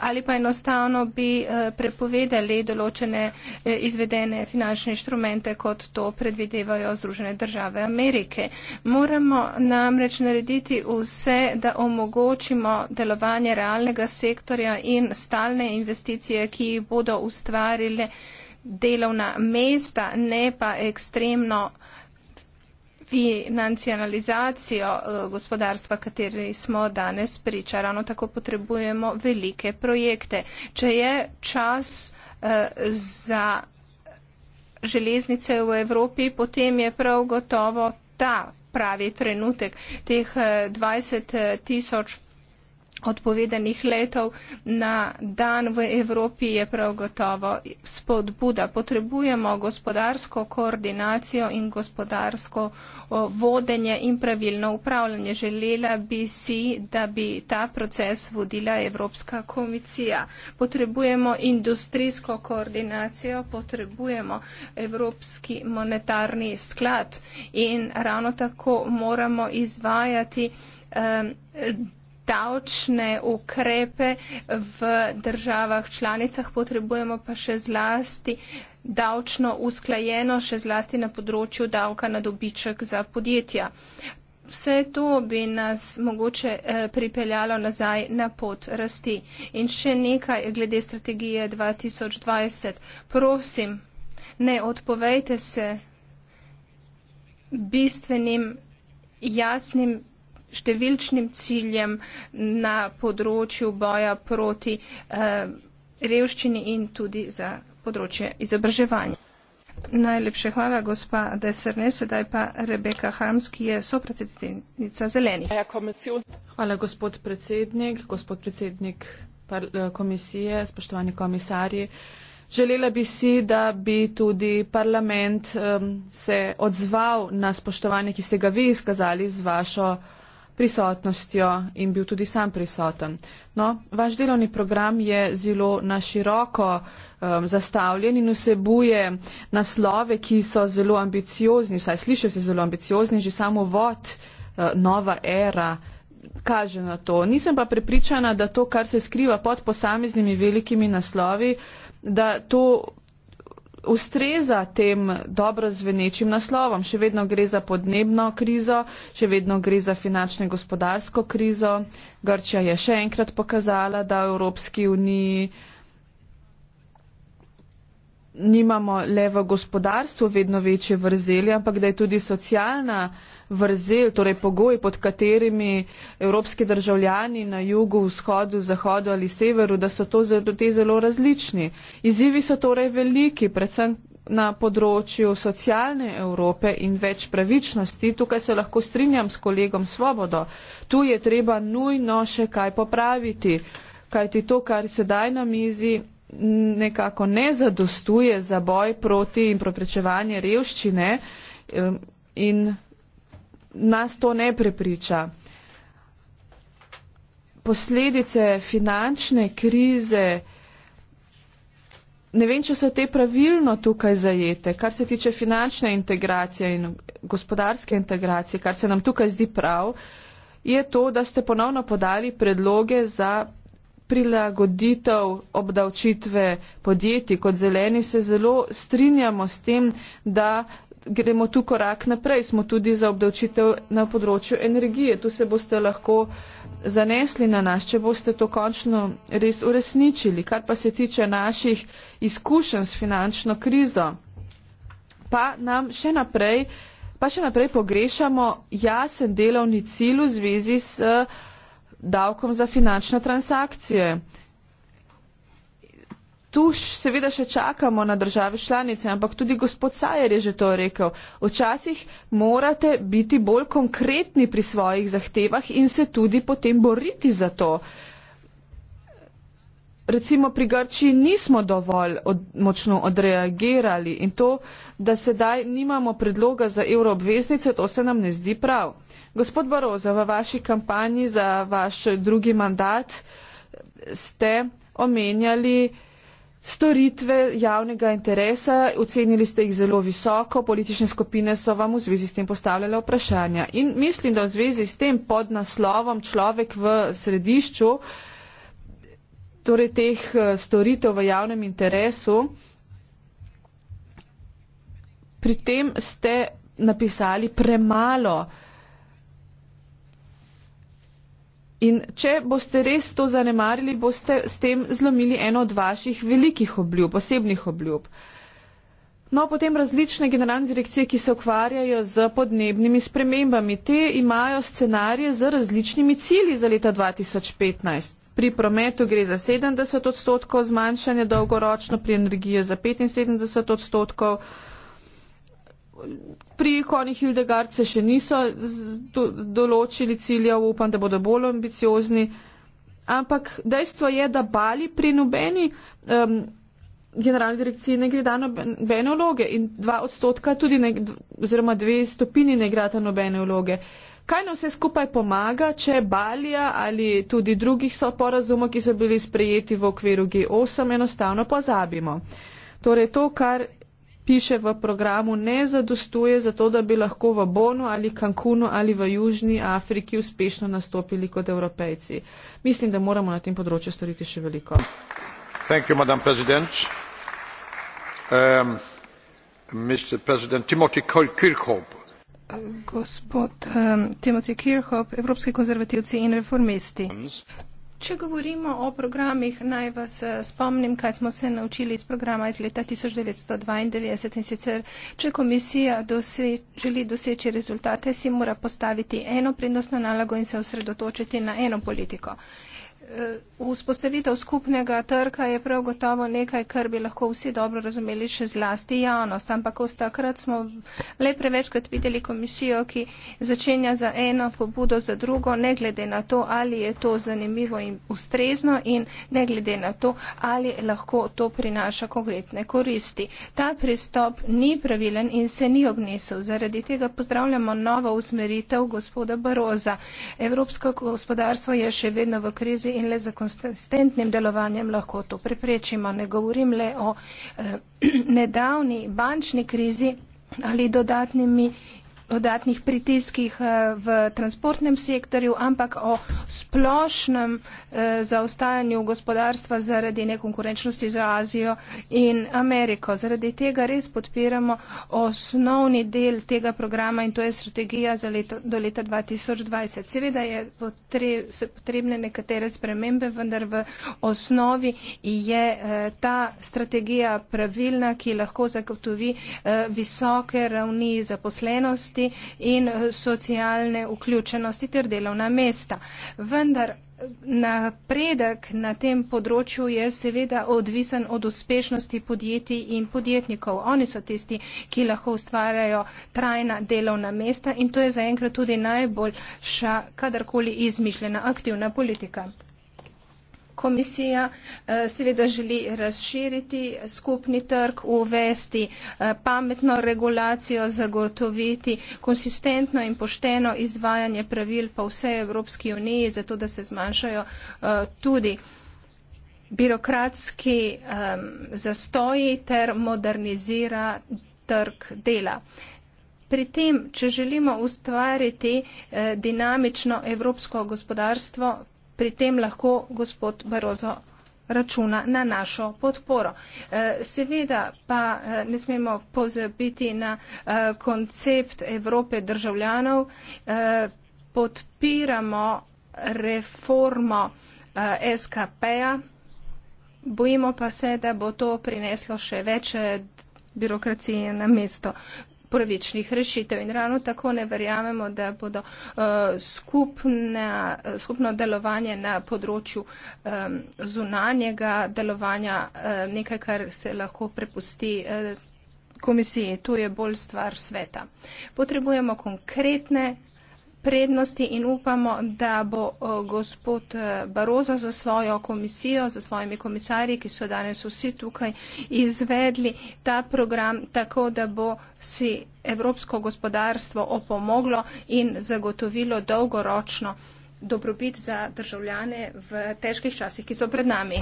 ali pa enostavno enostavno bi eh, prepovedali določene eh, izvedene finančne inštrumente, kot to predvidevajo Združene države Amerike. Moramo namreč narediti vse, da omogočimo delovanje realnega sektorja in stalne investicije, ki bodo ustvarile delovna mesta, ne pa ekstremno financionalizacijo eh, gospodarstva, kateri smo danes priča, ravno tako potrebujemo velike projekte. Če je čas eh, za železnice v Evropi, potem je prav gotovo ta pravi trenutek teh 20 eh, tisoč odpovedanih letov na dan v Evropi je prav gotovo spodbuda. Potrebujemo gospodarsko koordinacijo in gospodarsko vodenje in pravilno upravljanje. Želela bi si, da bi ta proces vodila Evropska komisija. Potrebujemo industrijsko koordinacijo, potrebujemo Evropski monetarni sklad in ravno tako moramo izvajati um, davčne ukrepe v državah članicah, potrebujemo pa še zlasti davčno usklajeno, še zlasti na področju davka na dobiček za podjetja. Vse to bi nas mogoče eh, pripeljalo nazaj na pot rasti. In še nekaj glede strategije 2020. Prosim, ne odpovejte se bistvenim, jasnim številčnim ciljem na področju boja proti eh, revščini in tudi za področje izobraževanja. Najlepše hvala, gospa Deserne. Sedaj pa Rebeka Harms, ki je sopredsednica zelenih. Hvala, gospod predsednik, gospod predsednik eh, komisije, spoštovani komisarji. Želela bi si, da bi tudi parlament se odzval na spoštovanje, ki ste ga vi izkazali z vašo prisotnostjo in bil tudi sam prisoten. No, vaš delovni program je zelo na široko um, zastavljen in vsebuje naslove, ki so zelo ambiciozni, vsaj sliši se zelo ambiciozni, že samo vod, uh, nova era. Kaže na to. Nisem pa prepričana, da to, kar se skriva pod posameznimi velikimi naslovi, da to ustreza tem dobro zvenečim naslovom. Še vedno gre za podnebno krizo, še vedno gre za finančno in gospodarsko krizo. Grčija je še enkrat pokazala, da v Evropski uniji nimamo le v gospodarstvu vedno večje vrzeli, ampak da je tudi socialna vrzel, torej pogoj, pod katerimi evropski državljani na jugu, vzhodu, zahodu ali severu, da so to zelo, te zelo različni. Izzivi so torej veliki, predvsem na področju socialne Evrope in več pravičnosti. Tukaj se lahko strinjam s kolegom Svobodo. Tu je treba nujno še kaj popraviti, kajti to, kar sedaj na mizi nekako ne zadostuje za boj proti in preprečevanje revščine in nas to ne prepriča. Posledice finančne krize, ne vem, če so te pravilno tukaj zajete, kar se tiče finančne integracije in gospodarske integracije, kar se nam tukaj zdi prav, je to, da ste ponovno podali predloge za prilagoditev obdavčitve podjetij. Kot zeleni se zelo strinjamo s tem, da gremo tu korak naprej, smo tudi za obdavčitev na področju energije. Tu se boste lahko zanesli na nas, če boste to končno res uresničili. Kar pa se tiče naših izkušenj s finančno krizo, pa nam še naprej, pa še naprej pogrešamo jasen delovni cilj v zvezi s eh, davkom za finančne transakcije. Tu seveda še čakamo na države članice, ampak tudi gospod Sajer je že to rekel. Včasih morate biti bolj konkretni pri svojih zahtevah in se tudi potem boriti za to. Recimo pri Grčiji nismo dovolj od, močno odreagirali in to, da sedaj nimamo predloga za euroobveznice, to se nam ne zdi prav. Gospod Baroza, v vaši kampanji za vaš drugi mandat ste omenjali, storitve javnega interesa, ocenili ste jih zelo visoko, politične skupine so vam v zvezi s tem postavljale vprašanja. In mislim, da v zvezi s tem pod naslovom človek v središču, torej teh eh, storitev v javnem interesu, pri tem ste napisali premalo In če boste res to zanemarili, boste s tem zlomili eno od vaših velikih obljub, osebnih obljub. No, potem različne generalne direkcije, ki se ukvarjajo z podnebnimi spremembami, te imajo scenarije z različnimi cilji za leta 2015. Pri prometu gre za 70 odstotkov zmanjšanja dolgoročno, pri energiji za 75 odstotkov pri konjih Hildegard se še niso do, določili ciljev, upam, da bodo bolj ambiciozni. Ampak dejstvo je, da bali pri nobeni um, generalni direkciji ne gre dano nobene vloge in dva odstotka tudi, ne, oziroma dve stopini ne gre ta nobene vloge. Kaj nam vse skupaj pomaga, če balija ali tudi drugih sporazumov, ki so bili sprejeti v okviru G8, enostavno pozabimo? Torej, to, kar piše v programu, ne zadostuje za to, da bi lahko v Bonu ali Cancunu ali v Južni Afriki uspešno nastopili kot evropejci. Mislim, da moramo na tem področju storiti še veliko. Thank you, Madam President. Um, Mr. President Timothy Kirchhoff. Gospod um, Timothy Kirchhoff, Evropski konzervativci in reformisti. Če govorimo o programih, naj vas eh, spomnim, kaj smo se naučili iz programa iz leta 1992 in sicer, če komisija dose, želi doseči rezultate, si mora postaviti eno prednostno nalogo in se osredotočiti na eno politiko. Eh, vzpostavitev skupnega trga je prav gotovo nekaj, kar bi lahko vsi dobro razumeli, še zlasti javnost. Ampak od takrat smo le prevečkrat videli komisijo, ki začenja za eno pobudo, za drugo, ne glede na to, ali je to zanimivo in ustrezno in ne glede na to, ali lahko to prinaša konkretne koristi. Ta pristop ni pravilen in se ni obnesel. Zaradi tega pozdravljamo novo usmeritev gospoda Baroza. Evropsko gospodarstvo je še vedno v krizi in le z konsistentnim delovanjem lahko to preprečimo. Ne govorim le o eh, nedavni bančni krizi ali dodatnimi dodatnih pritiskih eh, v transportnem sektorju, ampak o splošnem eh, zaostajanju gospodarstva zaradi nekonkurenčnosti za Azijo in Ameriko. Zaradi tega res podpiramo osnovni del tega programa in to je strategija leto, do leta 2020. Seveda je potre, potrebne nekatere spremembe, vendar v osnovi je eh, ta strategija pravilna, ki lahko zagotovi visoke ravni zaposlenosti varnosti in eh, socialne vključenosti ter delovna mesta. Vendar eh, Napredek na tem področju je seveda odvisen od uspešnosti podjetij in podjetnikov. Oni so tisti, ki lahko ustvarjajo trajna delovna mesta in to je zaenkrat tudi najboljša kadarkoli izmišljena aktivna politika komisija eh, seveda želi razširiti skupni trg, uvesti eh, pametno regulacijo, zagotoviti konsistentno in pošteno izvajanje pravil po vsej Evropski uniji, zato da se zmanjšajo eh, tudi birokratski zastoji ter modernizira trg dela. Pri tem, če želimo ustvariti dinamično evropsko gospodarstvo, pri tem lahko gospod Barozo računa na našo podporo. Eh, seveda pa eh, ne smemo pozabiti na eh, koncept Evrope državljanov. Podpiramo reformo SKP-ja, bojimo pa se, da bo to prineslo še več birokracije na mesto pravičnih rešitev. In ravno tako ne verjamemo, da bodo eh, skupna, skupno delovanje na področju zunanjega delovanja nekaj, kar se lahko prepusti eh, komisiji. To je bolj stvar sveta. Potrebujemo konkretne prednosti in upamo, da bo gospod eh, Barozo za svojo komisijo, za svojimi komisarji, ki so danes vsi tukaj, izvedli ta program tako, da bo si evropsko gospodarstvo opomoglo in zagotovilo dolgoročno dobrobit za državljane v težkih časih, ki so pred nami.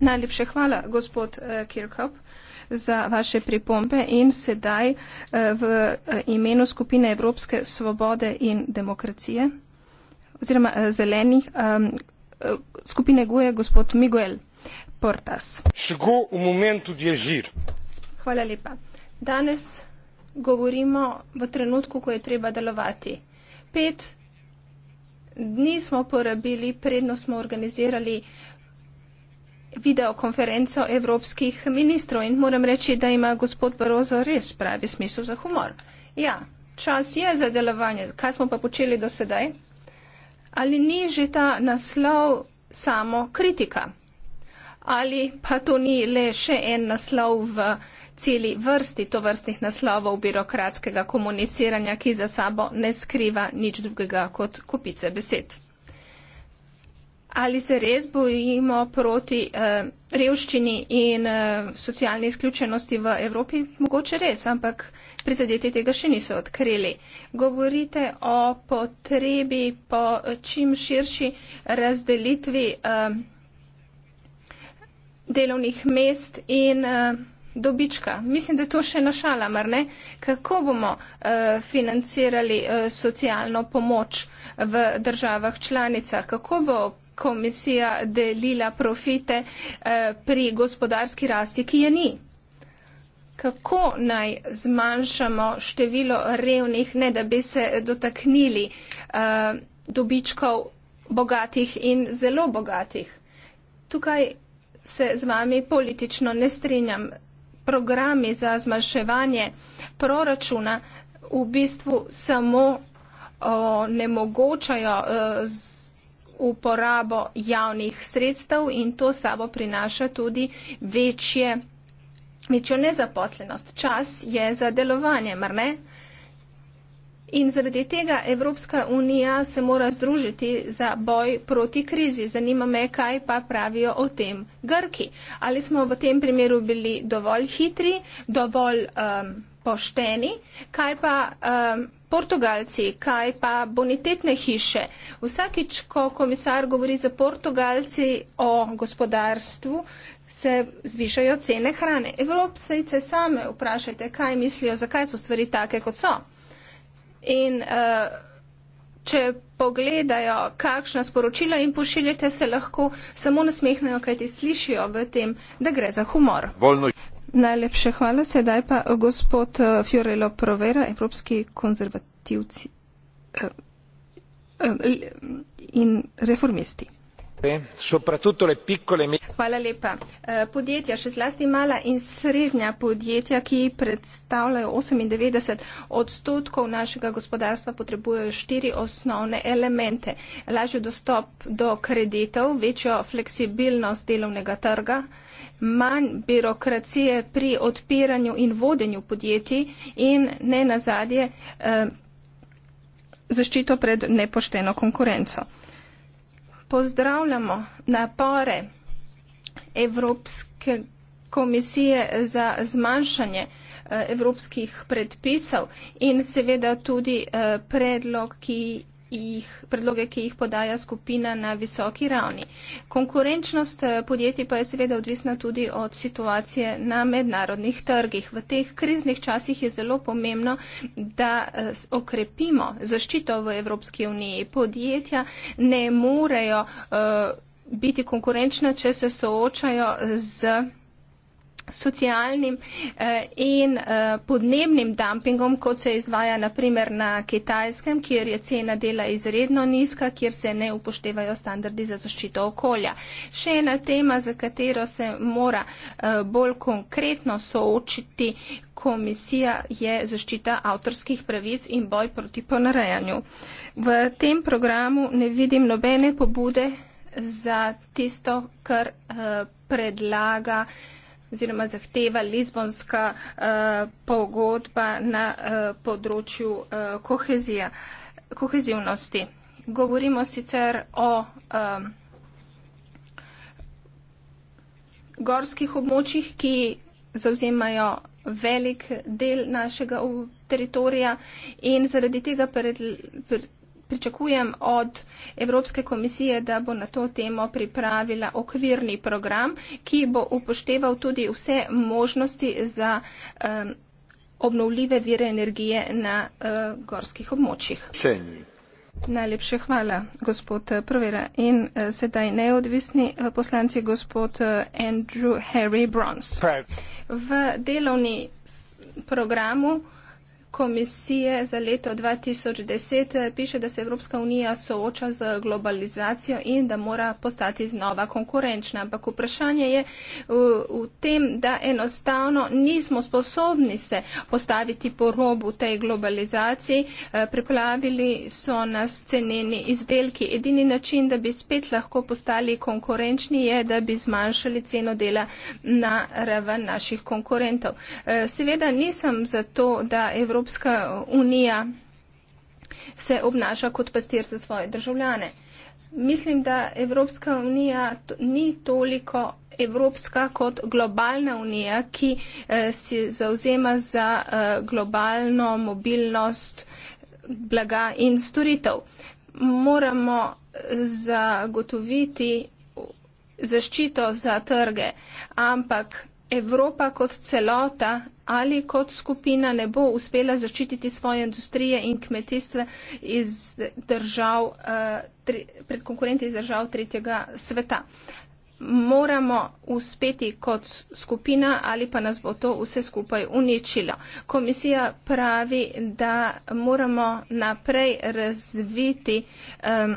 Najlepše hvala, gospod eh, Kirkhope za vaše pripombe in sedaj eh, v eh, imenu skupine Evropske svobode in demokracije oziroma eh, zelenih skupine Guje, gospod Miguel Portas. Hvala lepa. Danes govorimo v trenutku, ko je treba delovati. Pet dni smo porabili, predno smo organizirali uh, videokonferenco evropskih ministrov in moram reči, da ima gospod Barozo res pravi smisel za humor. Ja, čas je za delovanje. Kaj smo pa počeli do sedaj? Ali ni že ta naslov samo kritika? Ali pa to ni le še en naslov v celi vrsti to vrstnih naslovov birokratskega komuniciranja, ki za sabo ne skriva nič drugega kot kupice besed? ali se res bojimo proti eh, revščini in eh, socialni izključenosti v Evropi, mogoče res, ampak prizadeti tega še niso odkrili. Govorite o potrebi po čim širši razdelitvi eh, delovnih mest in eh, Dobička. Mislim, da je to še našala, mar ne? Kako bomo uh, financirali uh, socialno pomoč v državah članicah? Kako bo komisija delila profite eh, pri gospodarski rasti, ki je ni. Kako naj zmanjšamo število revnih, ne da bi se dotaknili eh, dobičkov bogatih in zelo bogatih? Tukaj se z vami politično ne strinjam. Programi za zmanjševanje proračuna v bistvu samo eh, o, ne mogočajo z, uporabo javnih sredstev in to sabo prinaša tudi večje, večjo nezaposlenost. Čas je za delovanje, mar ne? In zaradi tega Evropska unija se mora združiti za boj proti krizi. Zanima me, kaj pa pravijo o tem Grki. Ali smo v tem primeru bili dovolj hitri, dovolj. Um, pošteni, kaj pa um, Portugalci, kaj pa bonitetne hiše. Vsakič, ko komisar govori za Portugalci o gospodarstvu, se zvišajo cene hrane. Evropsejce same vprašajte, kaj mislijo, zakaj so stvari take, kot so. In uh, če pogledajo, kakšna sporočila jim pošiljate, se lahko samo nasmehnejo, kaj ti slišijo v tem, da gre za humor. Volno. Najlepše hvala. Sedaj pa gospod eh, Fiorello Provera, evropski konzervativci eh, eh, in reformisti. E, e hvala lepa. Podjetja, še zlasti mala in srednja podjetja, ki predstavljajo 98 odstotkov našega gospodarstva, potrebujejo štiri osnovne elemente. Lažji dostop do kreditev, večjo fleksibilnost delovnega trga, manj birokracije pri odpiranju in vodenju podjetij in ne nazadje eh, zaščito pred nepošteno konkurenco. Pozdravljamo napore Evropske komisije za zmanjšanje eh, evropskih predpisov in seveda tudi eh, predlog, ki jih, predloge, ki jih podaja skupina na visoki ravni. Konkurenčnost eh, podjetij pa je seveda odvisna tudi od situacije na mednarodnih trgih. V teh kriznih časih je zelo pomembno, da eh, okrepimo zaščito v Evropski uniji. Podjetja ne morejo uh, biti konkurenčna, če se soočajo z socialnim eh, in eh, podnebnim dumpingom, kot se izvaja naprimer na Kitajskem, kjer je cena dela izredno nizka, kjer se ne upoštevajo standardi za zaščito okolja. Še ena tema, za katero se mora eh, bolj konkretno soočiti komisija, je zaščita avtorskih pravic in boj proti ponarejanju. V tem programu ne vidim nobene pobude za tisto, kar predlaga oziroma zahteva Lizbonska eh, pogodba na eh, področju eh, kohezija, kohezivnosti. Govorimo sicer o gorskih območjih, ki zauzemajo velik del našega teritorija in zaradi tega pred, pred, pričakujem od Evropske komisije, da bo na to temo pripravila okvirni program, ki bo upošteval tudi vse možnosti za um, obnovljive vire energije na uh, gorskih območjih. Senji. Najlepše hvala, gospod eh, Provera. In uh, sedaj neodvisni uh, poslanci, gospod uh, Andrew Harry Bronze. V delovni programu uh, komisije za leto 2010 eh, piše, da se Evropska unija sooča z globalizacijo in da mora postati znova konkurenčna. Ampak vprašanje je v, v tem, da enostavno nismo sposobni se postaviti po robu tej globalizaciji. Eh, Priplavili so nas ceneni izdelki. Edini način, da bi spet lahko postali konkurenčni, je, da bi zmanjšali ceno dela na raven naših konkurentov. Eh, seveda nisem za to, da Evropska unija Evropska eh, unija se obnaša kot pastir za svoje državljane. Mislim, da Evropska unija ni toliko evropska kot globalna unija, ki eh, se zauzema za eh, globalno mobilnost blaga in storitev. Moramo eh, zagotoviti zaščito za trge, ampak Evropa kot celota ali kot skupina ne bo uspela zaščititi svoje industrije in kmetijstva iz držav, eh, pred konkurenti iz držav tretjega sveta. Moramo uspeti kot skupina ali pa nas bo to vse skupaj uničilo. Komisija pravi, da moramo naprej razviti um,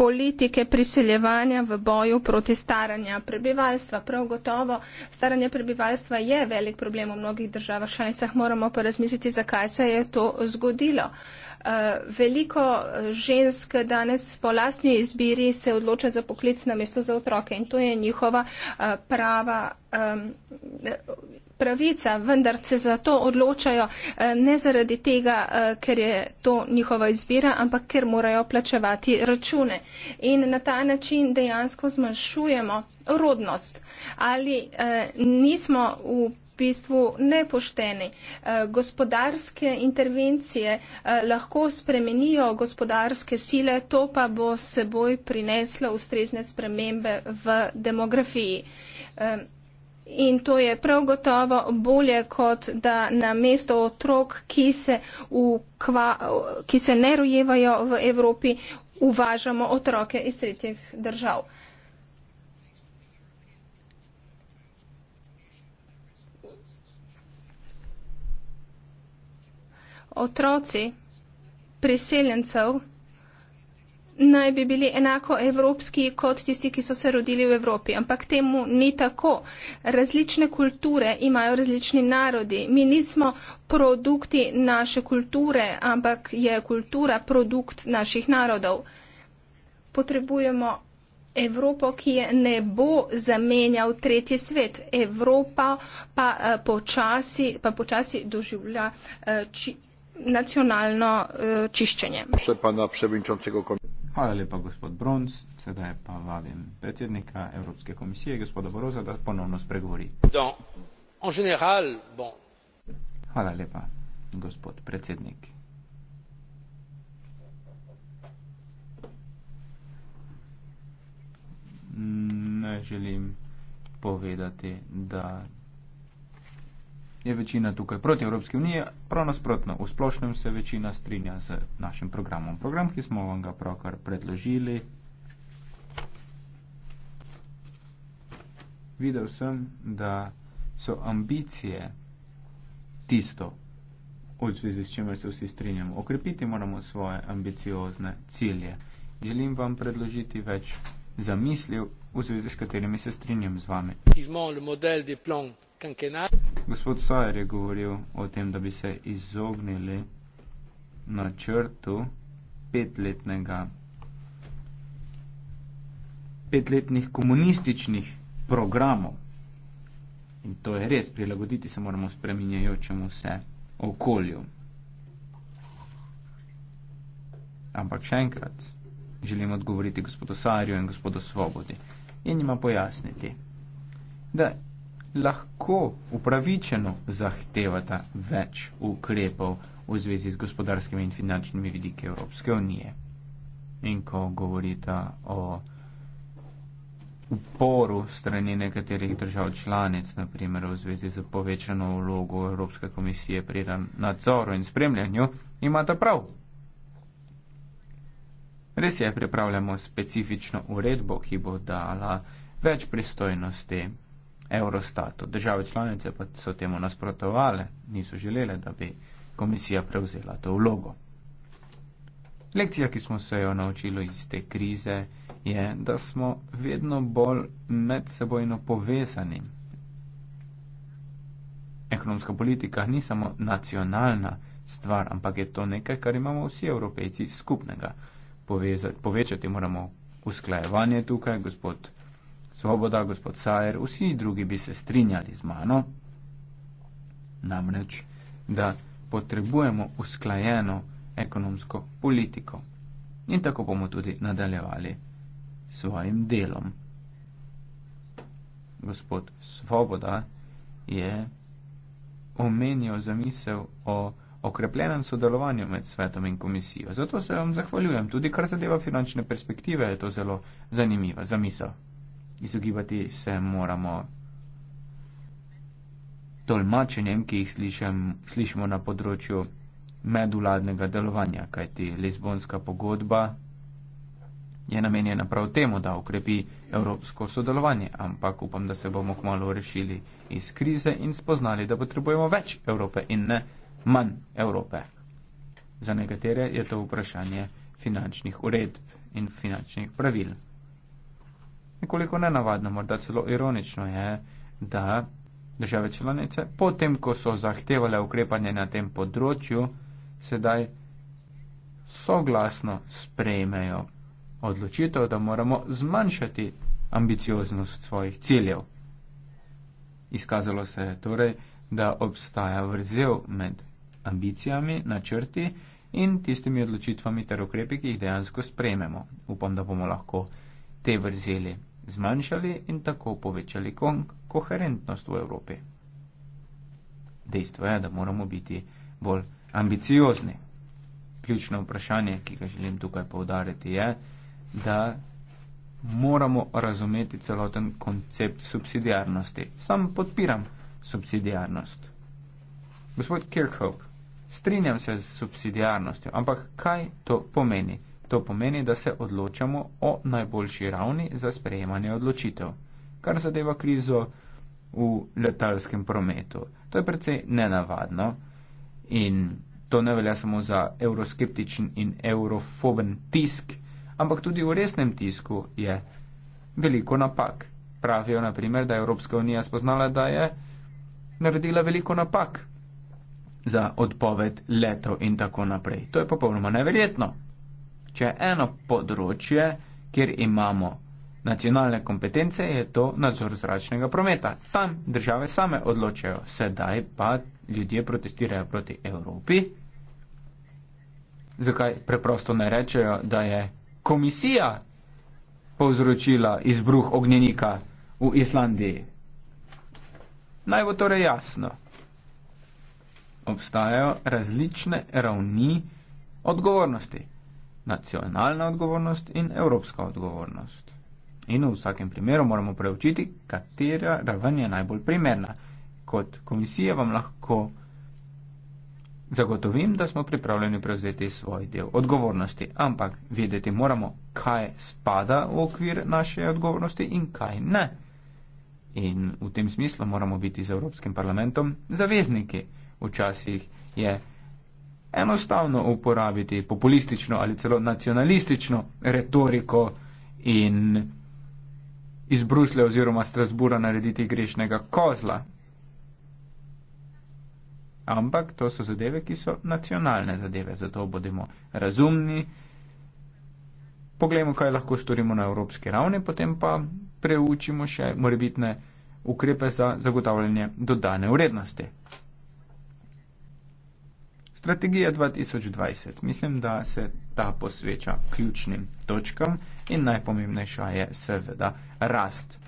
politike priseljevanja v boju proti staranja prebivalstva. Prav gotovo staranje prebivalstva je velik problem v mnogih državah članicah. Moramo pa razmisliti, zakaj se je to zgodilo. Eh, veliko žensk danes po lastni izbiri se odloča za poklic na mesto za otroke in to je njihova eh, prava pravica, vendar se za to odločajo eh, ne zaradi tega, eh, ker je to njihova izbira, ampak ker morajo plačevati račune. In na ta način dejansko zmanjšujemo rodnost. Ali eh, nismo v bistvu nepošteni. Gospodarske intervencije lahko spremenijo gospodarske sile, to pa bo seboj prineslo ustrezne spremembe v demografiji. In to je prav gotovo bolje, kot da na mesto otrok, ki se, kva, ki se ne rojevajo v Evropi, uvažamo otroke iz tretjih držav. Otroci priseljencev naj bi bili enako evropski kot tisti, ki so se rodili v Evropi, ampak temu ni tako. Različne kulture imajo različni narodi. Mi nismo produkti naše kulture, ampak je kultura produkt naših narodov. Potrebujemo Evropo, ki je ne bo zamenjal tretji svet. Evropa pa eh, počasi, pa počasi doživlja eh, či, nacionalno eh, čiščenje. Vse pa na predsedničko komisijo. Hvala lepa, gospod Bronc. Sedaj pa vabim predsednika Evropske komisije, gospoda Boroza, da ponovno spregovori. Hvala lepa, gospod predsednik. Ne želim povedati, da je večina tukaj proti Evropski uniji, prav nasprotno, v splošnem se večina strinja z našim programom. Program, ki smo vam ga pravkar predložili. Videl sem, da so ambicije tisto, v zvezi s čimer se vsi strinjamo. Okrepiti moramo svoje ambiciozne cilje. Želim vam predložiti več zamisli, v zvezi s katerimi se strinjam z vami. Gospod Sajer je govoril o tem, da bi se izognili načrtu petletnega, petletnih komunističnih programov. In to je res, prilagoditi se moramo spreminjajočemu se okolju. Ampak še enkrat želim odgovoriti gospodu Sarju in gospodu Svobodi in jima pojasniti, da lahko upravičeno zahtevata več ukrepov v zvezi z gospodarskimi in finančnimi vidiki Evropske unije. In ko govorite o uporu strani nekaterih držav članic, naprimer v zvezi z povečano vlogo Evropske komisije pri nadzoru in spremljanju, imate prav. Res je, pripravljamo specifično uredbo, ki bo dala več pristojnosti Eurostatu. Države članice pa so temu nasprotovale, niso želele, da bi komisija prevzela to vlogo. Lekcija, ki smo se jo naučili iz te krize, je, da smo vedno bolj medsebojno povezani. Ekonomska politika ni samo nacionalna stvar, ampak je to nekaj, kar imamo vsi evropejci skupnega. Povezati, povečati moramo usklajevanje tukaj, gospod. Svoboda, gospod Sajer, vsi drugi bi se strinjali z mano, namreč, da potrebujemo usklajeno ekonomsko politiko. In tako bomo tudi nadaljevali s svojim delom. Gospod Svoboda je omenjal zamisel o okrepljenem sodelovanju med svetom in komisijo. Zato se vam zahvaljujem. Tudi kar zadeva finančne perspektive, je to zelo zanimiva zamisel izogibati se moramo tolmačenjem, ki jih slišem, slišimo na področju medvladnega delovanja, kajti Lizbonska pogodba je namenjena prav temu, da ukrepi evropsko sodelovanje, ampak upam, da se bomo kmalo rešili iz krize in spoznali, da potrebujemo več Evrope in ne manj Evrope. Za nekatere je to vprašanje finančnih uredb in finančnih pravil nekoliko nenavadno, morda celo ironično je, da države članice, potem ko so zahtevale ukrepanje na tem področju, sedaj soglasno sprejmejo odločitev, da moramo zmanjšati ambicioznost svojih ciljev. Izkazalo se je torej, da obstaja vrzel med ambicijami, načrti in tistimi odločitvami ter ukrepi, ki jih dejansko sprejmemo. Upam, da bomo lahko te vrzeli zmanjšali in tako povečali kon koherentnost v Evropi. Dejstvo je, da moramo biti bolj ambiciozni. Ključno vprašanje, ki ga želim tukaj povdariti, je, da moramo razumeti celoten koncept subsidijarnosti. Sam podpiram subsidijarnost. Gospod Kirchhoff, strinjam se z subsidijarnostjo, ampak kaj to pomeni? To pomeni, da se odločamo o najboljši ravni za sprejemanje odločitev, kar zadeva krizo v letalskem prometu. To je precej nenavadno in to ne velja samo za euroskeptičen in eurofoben tisk, ampak tudi v resnem tisku je veliko napak. Pravijo naprimer, da je Evropska unija spoznala, da je naredila veliko napak za odpoved letov in tako naprej. To je popolnoma neverjetno. Če je eno področje, kjer imamo nacionalne kompetence, je to nadzor zračnega prometa. Tam države same odločajo, sedaj pa ljudje protestirajo proti Evropi. Zakaj preprosto ne rečejo, da je komisija povzročila izbruh ognjenika v Islandiji? Naj bo torej jasno. Obstajajo različne ravni odgovornosti nacionalna odgovornost in evropska odgovornost. In v vsakem primeru moramo preučiti, katera raven je najbolj primerna. Kot komisija vam lahko zagotovim, da smo pripravljeni prevzeti svoj del odgovornosti, ampak vedeti moramo, kaj spada v okvir naše odgovornosti in kaj ne. In v tem smislu moramo biti z Evropskim parlamentom zavezniki. Včasih je enostavno uporabiti populistično ali celo nacionalistično retoriko in iz Bruslja oziroma Strasbura narediti grešnega kozla. Ampak to so zadeve, ki so nacionalne zadeve, zato bodimo razumni. Poglejmo, kaj lahko storimo na evropski ravni, potem pa preučimo še morebitne ukrepe za zagotavljanje dodane vrednosti. Strategija 2020. Mislim, da se ta posveča ključnim točkam in najpomembnejša je seveda rast.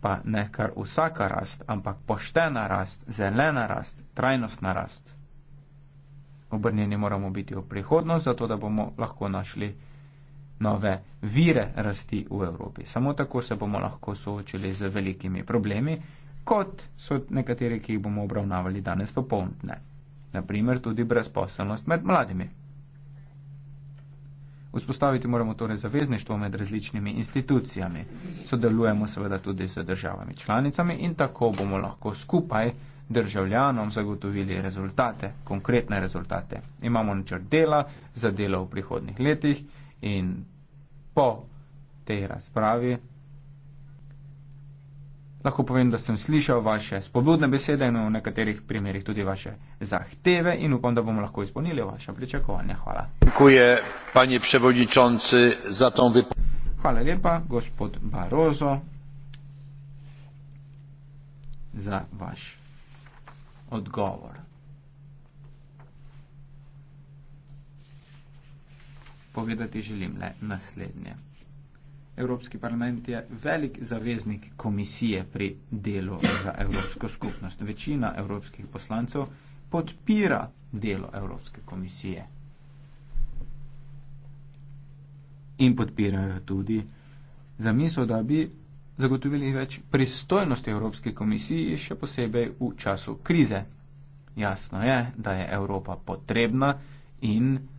Pa ne kar vsaka rast, ampak poštena rast, zelena rast, trajnostna rast. Obrnjeni moramo biti v prihodnost, zato da bomo lahko našli nove vire rasti v Evropi. Samo tako se bomo lahko soočili z velikimi problemi, kot so nekateri, ki jih bomo obravnavali danes popoldne. Po naprimer tudi brezposelnost med mladimi. Vzpostaviti moramo torej zavezništvo med različnimi institucijami. Sodelujemo seveda tudi z državami članicami in tako bomo lahko skupaj državljanom zagotovili rezultate, konkretne rezultate. Imamo načrt dela za delo v prihodnih letih in po tej razpravi lahko povem, da sem slišal vaše spobodne besede in v nekaterih primerjih tudi vaše zahteve in upam, da bomo lahko izpolnili vaše pričakovanja. Hvala. Hvala lepa, gospod Barozo, za vaš odgovor. Povedati želim le naslednje. Evropski parlament je velik zaveznik komisije pri delu za Evropsko skupnost. Večina evropskih poslancev podpira delo Evropske komisije. In podpirajo tudi zamisel, da bi zagotovili več pristojnosti Evropske komisiji, še posebej v času krize. Jasno je, da je Evropa potrebna in potrebna.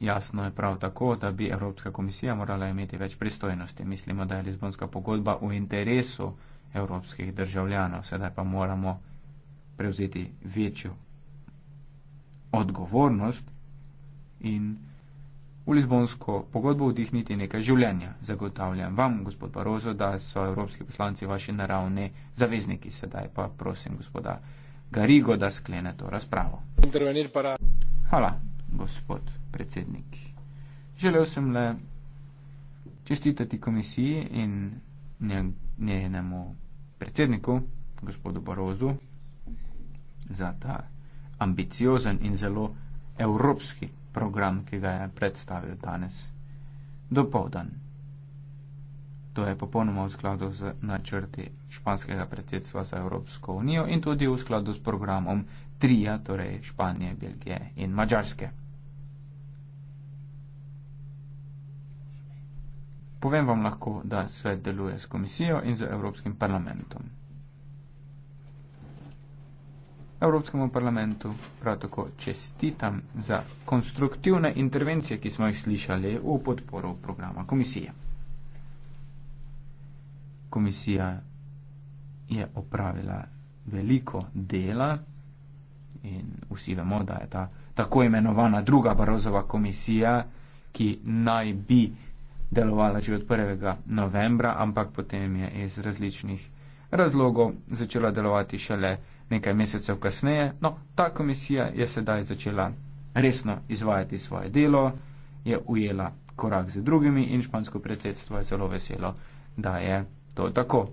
Jasno je prav tako, da bi Evropska komisija morala imeti več pristojnosti. Mislimo, da je Lizbonska pogodba v interesu evropskih državljanov, sedaj pa moramo prevzeti večjo odgovornost in v Lizbonsko pogodbo vdihniti nekaj življenja. Zagotavljam vam, gospod Barozo, da so evropski poslanci vaši naravni zavezniki. Sedaj pa prosim gospoda Garigo, da sklene to razpravo. Hvala, gospod predsednik. Želel sem le čestitati komisiji in njenemu predsedniku, gospodu Barozu, za ta ambiciozen in zelo evropski program, ki ga je predstavil danes do povdan. To je popolnoma v skladu z načrti španskega predsedstva za Evropsko unijo in tudi v skladu s programom trija, torej Španije, Belgije in Mačarske. Povem vam lahko, da svet deluje s komisijo in z Evropskim parlamentom. Evropskemu parlamentu prav tako čestitam za konstruktivne intervencije, ki smo jih slišali v podporu programa komisije. Komisija je opravila veliko dela in vsi vemo, da je ta tako imenovana druga Barozova komisija, ki naj bi delovala že od 1. novembra, ampak potem je iz različnih razlogov začela delovati šele nekaj mesecev kasneje. No, ta komisija je sedaj začela resno izvajati svoje delo, je ujela korak z drugimi in špansko predsedstvo je zelo veselo, da je to tako.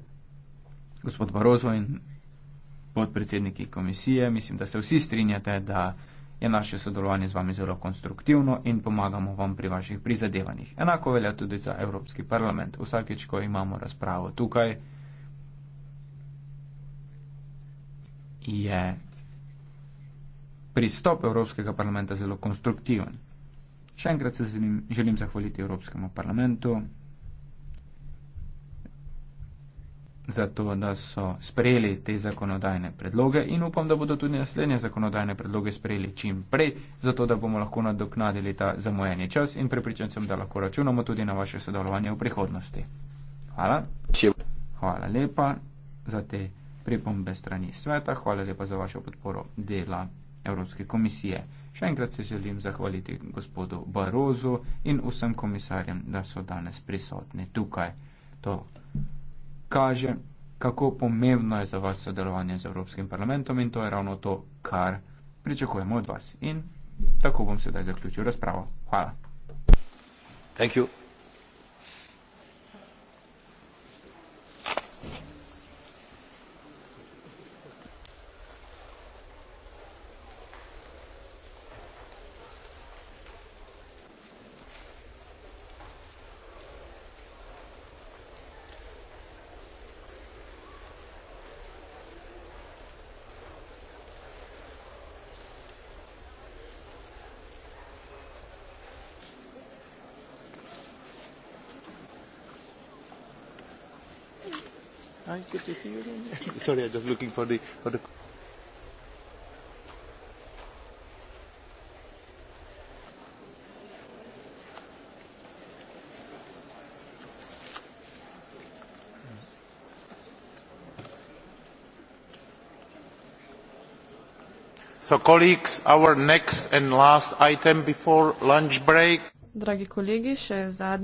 Gospod Barozo in podpredsedniki komisije, mislim, da se vsi strinjate, da je naše sodelovanje z vami zelo konstruktivno in pomagamo vam pri vaših prizadevanjih. Enako velja tudi za Evropski parlament. Vsakeč, ko imamo razpravo tukaj, je pristop Evropskega parlamenta zelo konstruktiven. Še enkrat se želim zahvaliti Evropskemu parlamentu zato, da so sprejeli te zakonodajne predloge in upam, da bodo tudi naslednje zakonodajne predloge sprejeli čim prej, zato da bomo lahko nadoknadili ta zamojeni čas in pripričan sem, da lahko računamo tudi na vaše sodelovanje v prihodnosti. Hvala. Hvala lepa za te pripombe strani sveta, hvala lepa za vašo podporo dela Evropske komisije. Še enkrat se želim zahvaliti gospodu Barozu in vsem komisarjem, da so danes prisotni tukaj kaže, kako pomembno je za vas sodelovanje z Evropskim parlamentom in to je ravno to, kar pričakujemo od vas. In tako bom sedaj zaključil razpravo. Hvala. Thank you. good to see you again. Sorry, I'm just looking for the for the. So, colleagues, our next and last item before lunch break. Dragi kolegi, še zadnja.